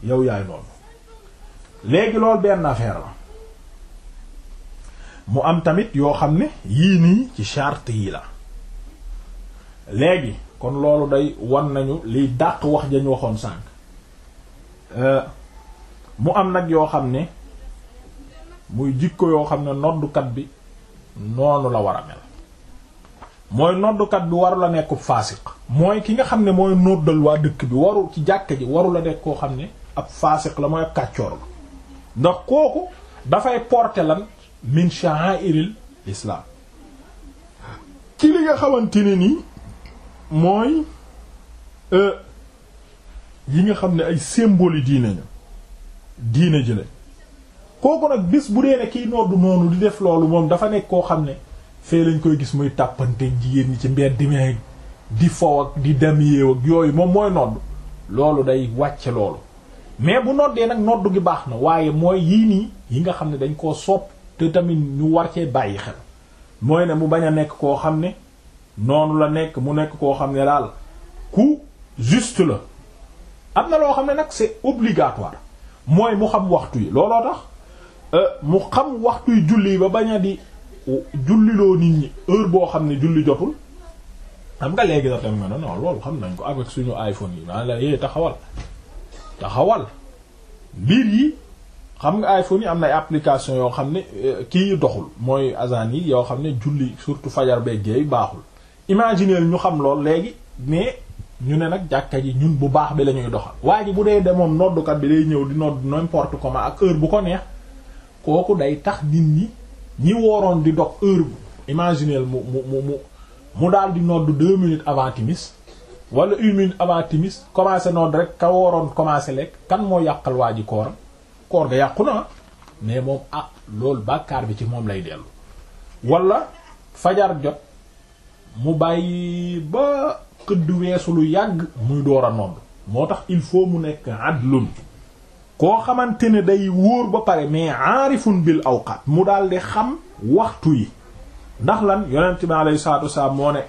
yow yaay noonu léegi loolu benn affaire la mu am tamit yoo xam ne yii nii ci charte yi la léegi kon loolu day wan nañu liy dàq wax jañu waxoon sànq euh, mu am nag yoo xam ne muy jikko yoo xam ne noddukat bi noonu la war a mel mooy noddukat bi waru la nekk faasiq mooy ki nga xam ne mooy noddal waa dëkk bi waru ci jàkka ji warul a nekk koo xam ne ab faasiq la mooy ab kàccoor la ndax kooku dafay porter lan min sha'airil islam ci li nga xamante ne nii mooy euh, yi nga xam ne ay symbole diine ñu diine ji lañ kooku nag bis bu dee ne kiy noddu noonu di def loolu moom dafa nekk koo xam ne fee lañ koy gis muy tàppante jigéen ñi ci mbedd mi di fow ak di dem ak yooyu moom mooy nodd loolu day wàcce loolu mais bu noddee nag noddu gi baax na waaye mooy yii nii yi nga xam ne dañ koo sopp te tamit ñu war cee bàyyi xel mooy ne mu bañ a nekk koo xam ne noonu la nekk mu nekk koo xam ne daal ku juste la am na loo xam ne nag c'est obligatoire mooy mu xam waxtu yi looloo tax euh, mu xam waxtu yi julli yi ba bañ a di euh, julliloo nit ñi heure boo xam ne julli jotul xam nga léegi sax tamit nga ne non loolu xam nañ ko avec suñu iPhone eh, taxawal taxawal mbir yi xam nga iPhone yi am na ay application yoo xam ne euh, kii doxul mooy azan yi yoo xam ne julli surtout fajar beeg baaxul imaginer ñu xam lool léegi mais ñu ne nag jàkka ji ñun bu baax bi la ñuy doxal waa ji bu dee de moom noddukat bi day ñëw di nodd n'importe comment ak heure bu ko neex kooku day tax nit ñi ñi wooroon di dog heure bu imaginer mu mu mu mu mu daal di noddu deux minutes avant timis wala une avant timis commencé nodd rek ka waroon commencé lekk kan moo yàqal waa ji kooram koor ga yàqu na mais moom ah loolu bàkkaar bi ci moom lay dellu wala fajar jot mu bàyyi ba xëdd weesu lu yàgg muy door a nodd moo tax il faut mu nekk adlun koo xamante ni day wóor ba pare mais aarifun bil awqat mu daal di xam waxtu yi ndax lan yonent bi alayhi salaatu wasalaam moo ne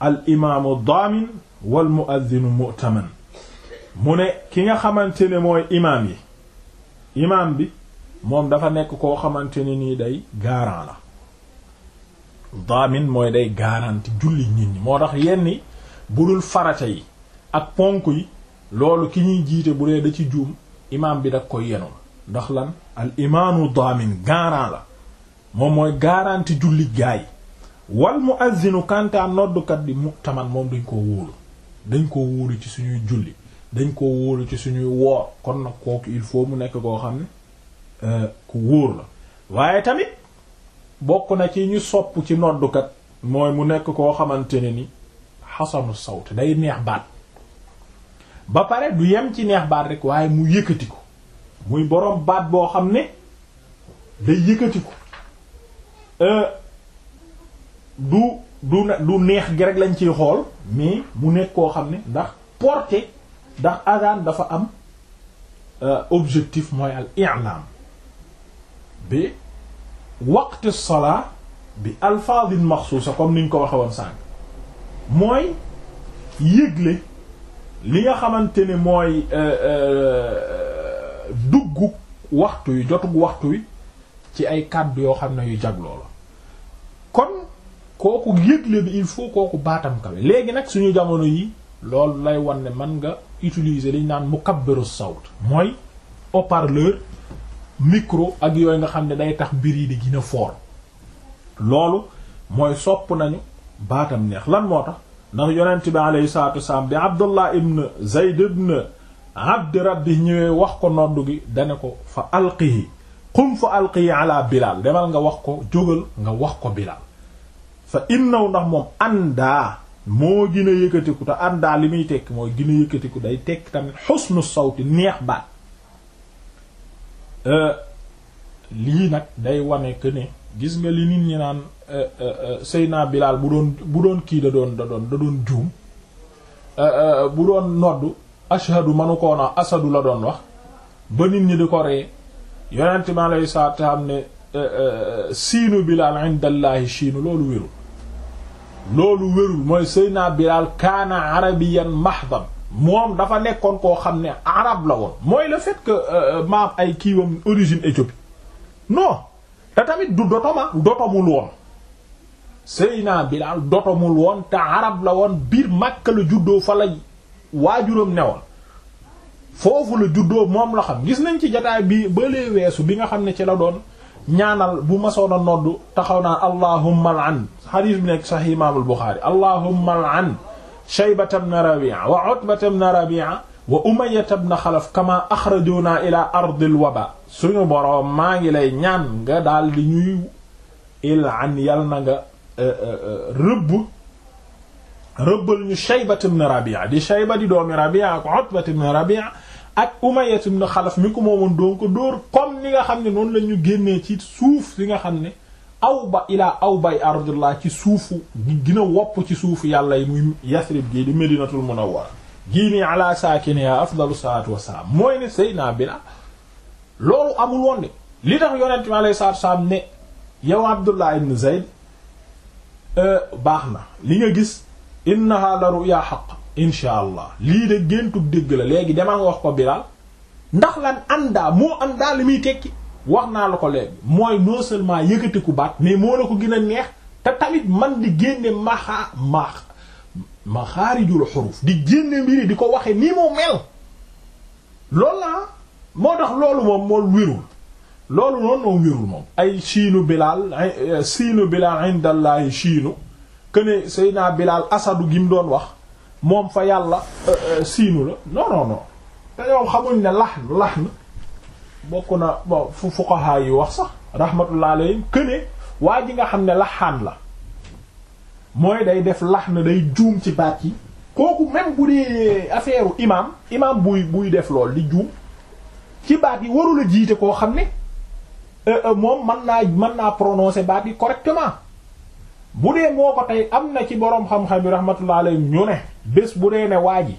al imaamu daamin wal muaddinu mu'taman mu ne ki nga xamante ne mooy imaam yi imaam bi moom dafa nekk koo xamante ne nii day garant la daamin mooy day garanti julli nit ñi moo tax yenni bu dul farata yi ak ponk yi loolu ki ñuy jiite bu dee da ci juum imaam bi dag koy yenoon ndax lan al imaamu daamin garant la moom mooy garanti julli gaay wal muazzinu kanta noddukat bi taman moom dañ koo wóolu dañ ko wóolu ci suñuy julli dañ ko wóolu ci suñuy woor kon nag kooku il faut mu nekk koo xam ne euh, ku wóor la waaye tamit bokk na ci ñu sopp ci noddukat mooy mu nekk koo xamante ne ni xasanu sawt day neex baat ba pare du yem ci neex baat rek waaye mu yëkkati ko muy boroom baat boo xam ne day yëkkati ko euh, du du du neex gi rek lañ ciy xool mais mu nekk koo xam ne ndax porte ndax adaan dafa am euh, objectif mooy al bi waqti salaa bi alfaadin maxsuusa comme niñ ko waxe woon sànq mooy yëgle li nga xamante ne mooy euh, euh, dugg waxtu wi jotug waxtu wi ci ay kàddu yoo xam ne yu jagloo la kon kooku yëgle bi il faut kooku baatam kawe léegi nag suñu jamono yi loolu lay wan ne mën nga utiliser liñ naan mukabbiru sawt mooy haut-parleur micro ak yooyu nga xam ne day tax mbir yi di gën a loolu mooy sopp nañu baatam neex lan moo tax ndax yonent bi alayhi salatu wasalaam bi abdullah ibn zayd ibn abdi rabbi ñëwee wax ko noddu gi dane ko fa alqihi qum fa alqihi ala bilal demal nga wax ko jógal nga wax ko bilal fa innaw ndax moom àndaa moo gën yëkkatiku te àndaa li muy tekk mooy gën a yëkkatiku day tekk tamit xusnu sawti neex baat Euh, lii nag day wane que ne gis nga li nit ñi naan euh, euh, Seyna Bilaal bu doon kii da doon da doon da doon juum bu doon noddu ashhadu manu koo asadu la doon wax ba nit ñi di ko ree yonent ma lay saa te xam ne siinu Bilaal indallahi siinu loolu wérul loolu wérul mooy Seyna Bilaal kaana arabiyan mahdan moom dafa nekkoon koo xam ne arab la woon mooy la fait que euh, euh, maam ay kiiwam origine éthiopie non te tamit du dotoma dotomul woon Seyna Bilal dotomul woon te arab la woon biir Makka la juddoo fa la waajuram newoon foofu la juddoo moom la xam gis nañ ci jotaay bi ba lee weesu bi nga xam ne ci la doon ñaanal bu masoon a nodd taxaw naa allahumma al'an hadith bi nekk sahih imam al Bukhari allahumma al'an shaybata ibn rabi'a wa utbata ibn rabi'a wa umayyata ibn xalaf kama axrajuna ila ardil waba suñu boroom maa ngi lay ñaan nga daal di ñuy ilaan yal na nga euh, euh, euh, rëbb rëbbal ñu shaybat ibn rabi'a di shayba di doomi rabi'a ak utbat ibn xalaf mi ko moomoon doon ko dóor comme ni nga xam ne noonu la ñu génnee ci suuf si nga xam ne awba ilaa awbay ardillah ci suufu gina wopp ci suufu yàlla yi muy yasrib gii di medinatul munawwara gii nii ala saakiniha afdalu salaatu wassalaam mooy ne Seydina Bilal loolu amul woon li tax yonent mi alayhi salaatu wassalaam ne yow Abdullah ibn Zayd euh, baax na li nga gis innaha la ru'ya haqq insha allah lii de géntu dégg la léegi demal nga wax ko Bilal ndax lan àndaa moo àndaa li muy tekki wax naa la ko léegi mooy non seulement ku baat mais moo la ko gën a neex te tamit man di génne maxa max maxaarijul xuruf di génne mbiri di ko waxe nii moo mel loolu la ah. moo tax loolu moom moom wérul loolu noonu moom wérul moom ay chiinu bilaal siinu euh, bilaal indallahi chiinu kuene Seydina bilaal asadu gi doon wax moom fa yàlla siinu euh, euh, la non te ñoom xamuñ ne lax lax bokk na bon fu fuqaha yi wax sax rahmatullah alayhim këne waa ji nga xam ne laxaan la mooy day def lax na day juum ci baat yi kooku même bu dee affaire imaam imaam buy buy def lool di juum ci baat yi warul a jiite koo xam ne euh, euh, moom mën naa mën naa prononcer baat yi correctement bu dee moo ko tey am na ci boroom xam-xam yi rahmatullah alayhim ñu ne bés bu dee ne waa ji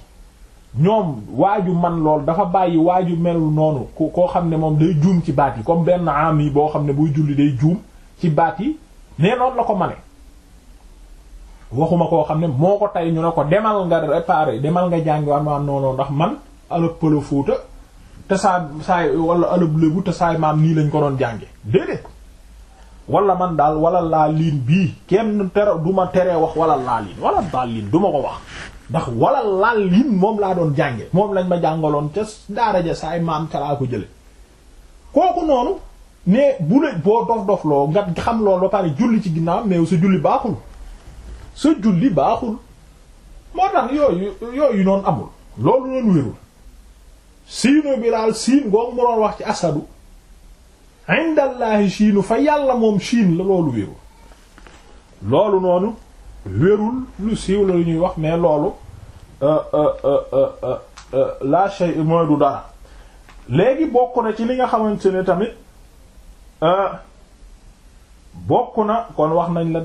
ñoom waaju man lool dafa bàyyi waaju mel noonu ku koo xam ne moom day juum ci baat yi comme benn am boo xam ne buy julli juum ci baat yi nee noonu la ko mane waxuma koo xam ne moo ko tey ñu ne ko demal nga réparer demal nga jàngi waan maam noonu ndax man alëb pëla fuuta te saa saay wala alëb lébu te saay maam nii lañ ko doon jànge déedéet wala man daal wala laa liin bii kenn tere duma tere wax wala laa liin wala daal liin du ko wax ndax wala laal lin moom laa doon jànge moom lañ ma jàngaloon ca daaraja ja saay maam ca laa ko jële kooku noonu ne bu la boo dof dof loo nga xam loolu ba pare julli ci ginnaaw mais sa julli baaxul sa julli baaxul moo tax yooyu yooyu noonu amul loolu noonu wérul siino bi daal siin ngoog mu doon wax ci asadu indallahi chiinu fa yàlla moom chiin la loolu wérul loolu noonu wérul lu siiw la ñuy wax mais loolu euh, euh, euh, la shay mooy du dara léegi bokk na ci li nga xamante ne tamit bokk na kon wax nañ la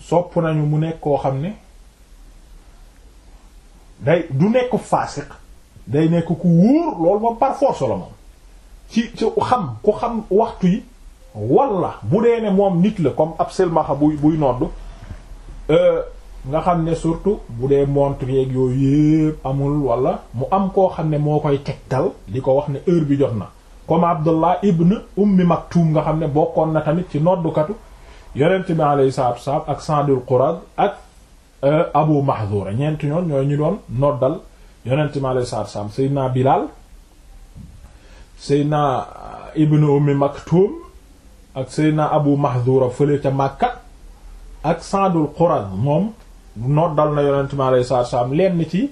sopp nañu mu nekk koo xam ni day du nekk faasiq day nekk ku wóor loolu moom par force ci ci xam ku xam waxtu yi wala bu dee ne moom nit la comme ab silmaxa buy buy nodd euh, nga xam ne surtout bu dee montre yeeg yooyu yépp amul walla mu am koo xam ne moo koy tegtal di ko wax ne heure bi jot na comme Abdullah ibn Ummi Maktum nga xam ne bokkoon na tamit ci noddukatu yonent bi alayhi salaatu wasalaam ak Sa'dul Qurad ak euh, Abu Mahdhura ñeenti ñoon ñooy ñu doon noddal yonent bi alayhi salaatu wasalaam Seydina Bilal ibn Ummi Maktum ak Seydina Abu Mahdura fële ca Makka ak Saadul Quran moom noddal na yonent mi alayhi salaatu salaam lenn ci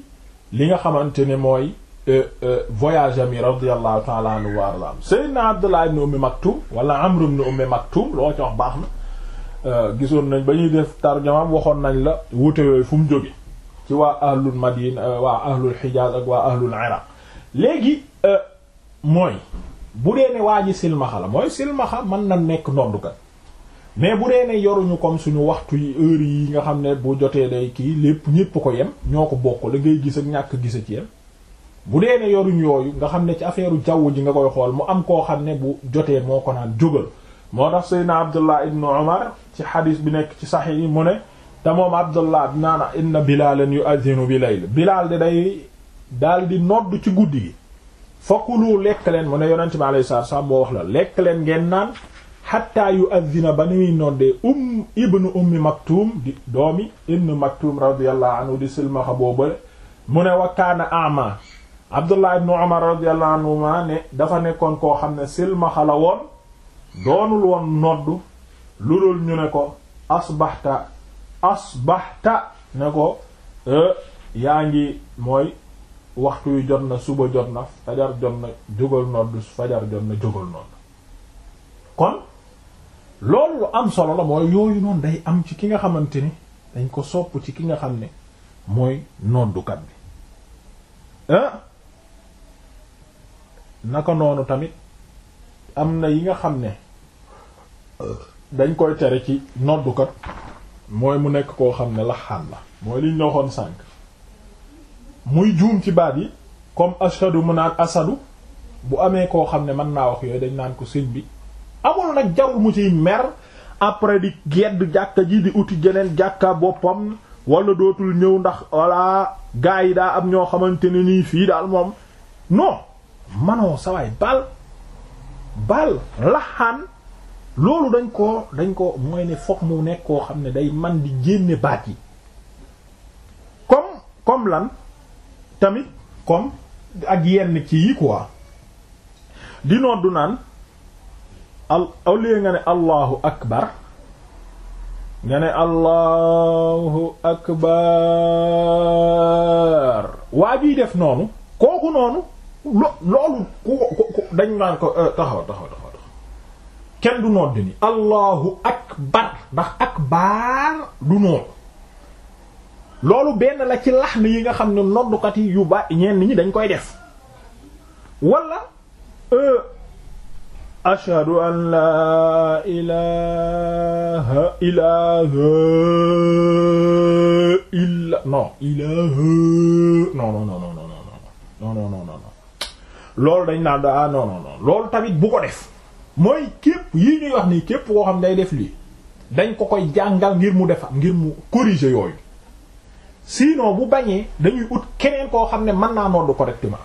li nga xamante ne mooy euh, euh, voyage am yi radiyallahu ta'ala anhu wa arda Maktum wala Amr ibn Ummi Maktum loo ci baax na euh, gisoon nañ ba ñuy def tarjamaam waxoon nañ la wuute yooyu fu jóge ci waa ahlul Madina waa ahlul Hijaaz ak waa ahlul Iraq léegi mooy bu dee ne waa ji silmaxa la mooy silmaxa mën na nekk noddukat mais bu dee ne yoruñu comme suñu waxtu yi heure yi nga xam ne bu jotee day kii lépp ñépp ko yem ñoo ko bokk la ngay gis ak ñàkk gis ci yem bu dee ne yoruñu yooyu nga xam ne ci affaire jaww ji nga koy xool mu am koo xam ne bu jotee moo ko naan jógal moo tax seydna abdullah ibnu omar ci xadis bi nekk ci sax yi mu ne te moom abdullah bi naan inna yu yu'adhinu bi layl bilal de day daal di nodd ci guddi gi fakulu lekk leen mu ne yonent bi alayhi salaatu salaam moo wax la lekk leen ngeen naan xatta yu addina ba nuy nodde um ibnu ummi maktum di doomi ibnu maktum radiyallahu anhu di silmaxa boobale mu ne wa kaana ama abdullah ibnu umar radiyallahu anhuma ne dafa nekkoon koo xam ne silmaxa la woon doonul woon nodd lu dul ñu ne ko asbaxta asbaxta ne ko euh, yaa ngi mooy waxtu yu jot na suba jot na fajar jot na jógal nodd fajar jot na jógal nodd kon loolu am solo la mooy yooyu noonu day am ci ki nga xamante ni dañ ko sopp ci ki nga xam ne mooy noddukat bi eh? naka noonu tamit am na yi nga xam ne dañ koy tere ci noddukat mooy mu nekk koo xam ne laxaan la mooy liñ la waxoon sànq muy juum ci baat yi comme ashadu mu naan asadu bu amee koo xam ne mën naa wax yooyu dañ naan ko sëñ bi amul nag jarul mu ciy mer après di gedd jàkka ji di uti geneen jàkka boppam walla dootul ñëw ndax walla gaa yi daa am ñoo xamante ne nii fii daal moom non manoo sawaay baal baal laxaan loolu dañ ko dañ ko mooy ne foog mu nekk koo xam ne day man di génne baat yi comme comme lan tamit comme ak yenn ci yi quoi di noddu naan al au lieu nga ne allahu akbar nga ne allahu akbar waa bii def noonu kooku noonu lo loolu ku dañ naan ko euh, taxaw taxaw taxaw kenn du nodd ni allahu akbar ndax akbar du noonu loolu benn la ci laxn yi nga xam ne noddukat yi yu ba ñenn ñi dañ koy def wala e, ashhadu an laa ilaha ilaha illa non ilaha non non non non non non non non non loolu dañ naa da non non non loolu tamit bu ko def mooy képp yii ñuy wax nii képp koo xam day def lii dañ ko koy jàngal ngir mu defar ngir mu corriger yooyu sinon bu bañee dañuy ut keneen koo xam ne mën naa nodd correctement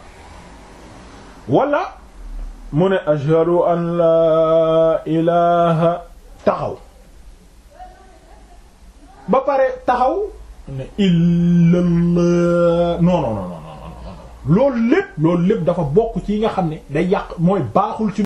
wala mu ne ashhadu an laa ilaha taxaw ba pare taxaw ne illallah non non non non loolu lépp loolu dafa bokk ci yi nga xam ne day yàq mooy baaxul ci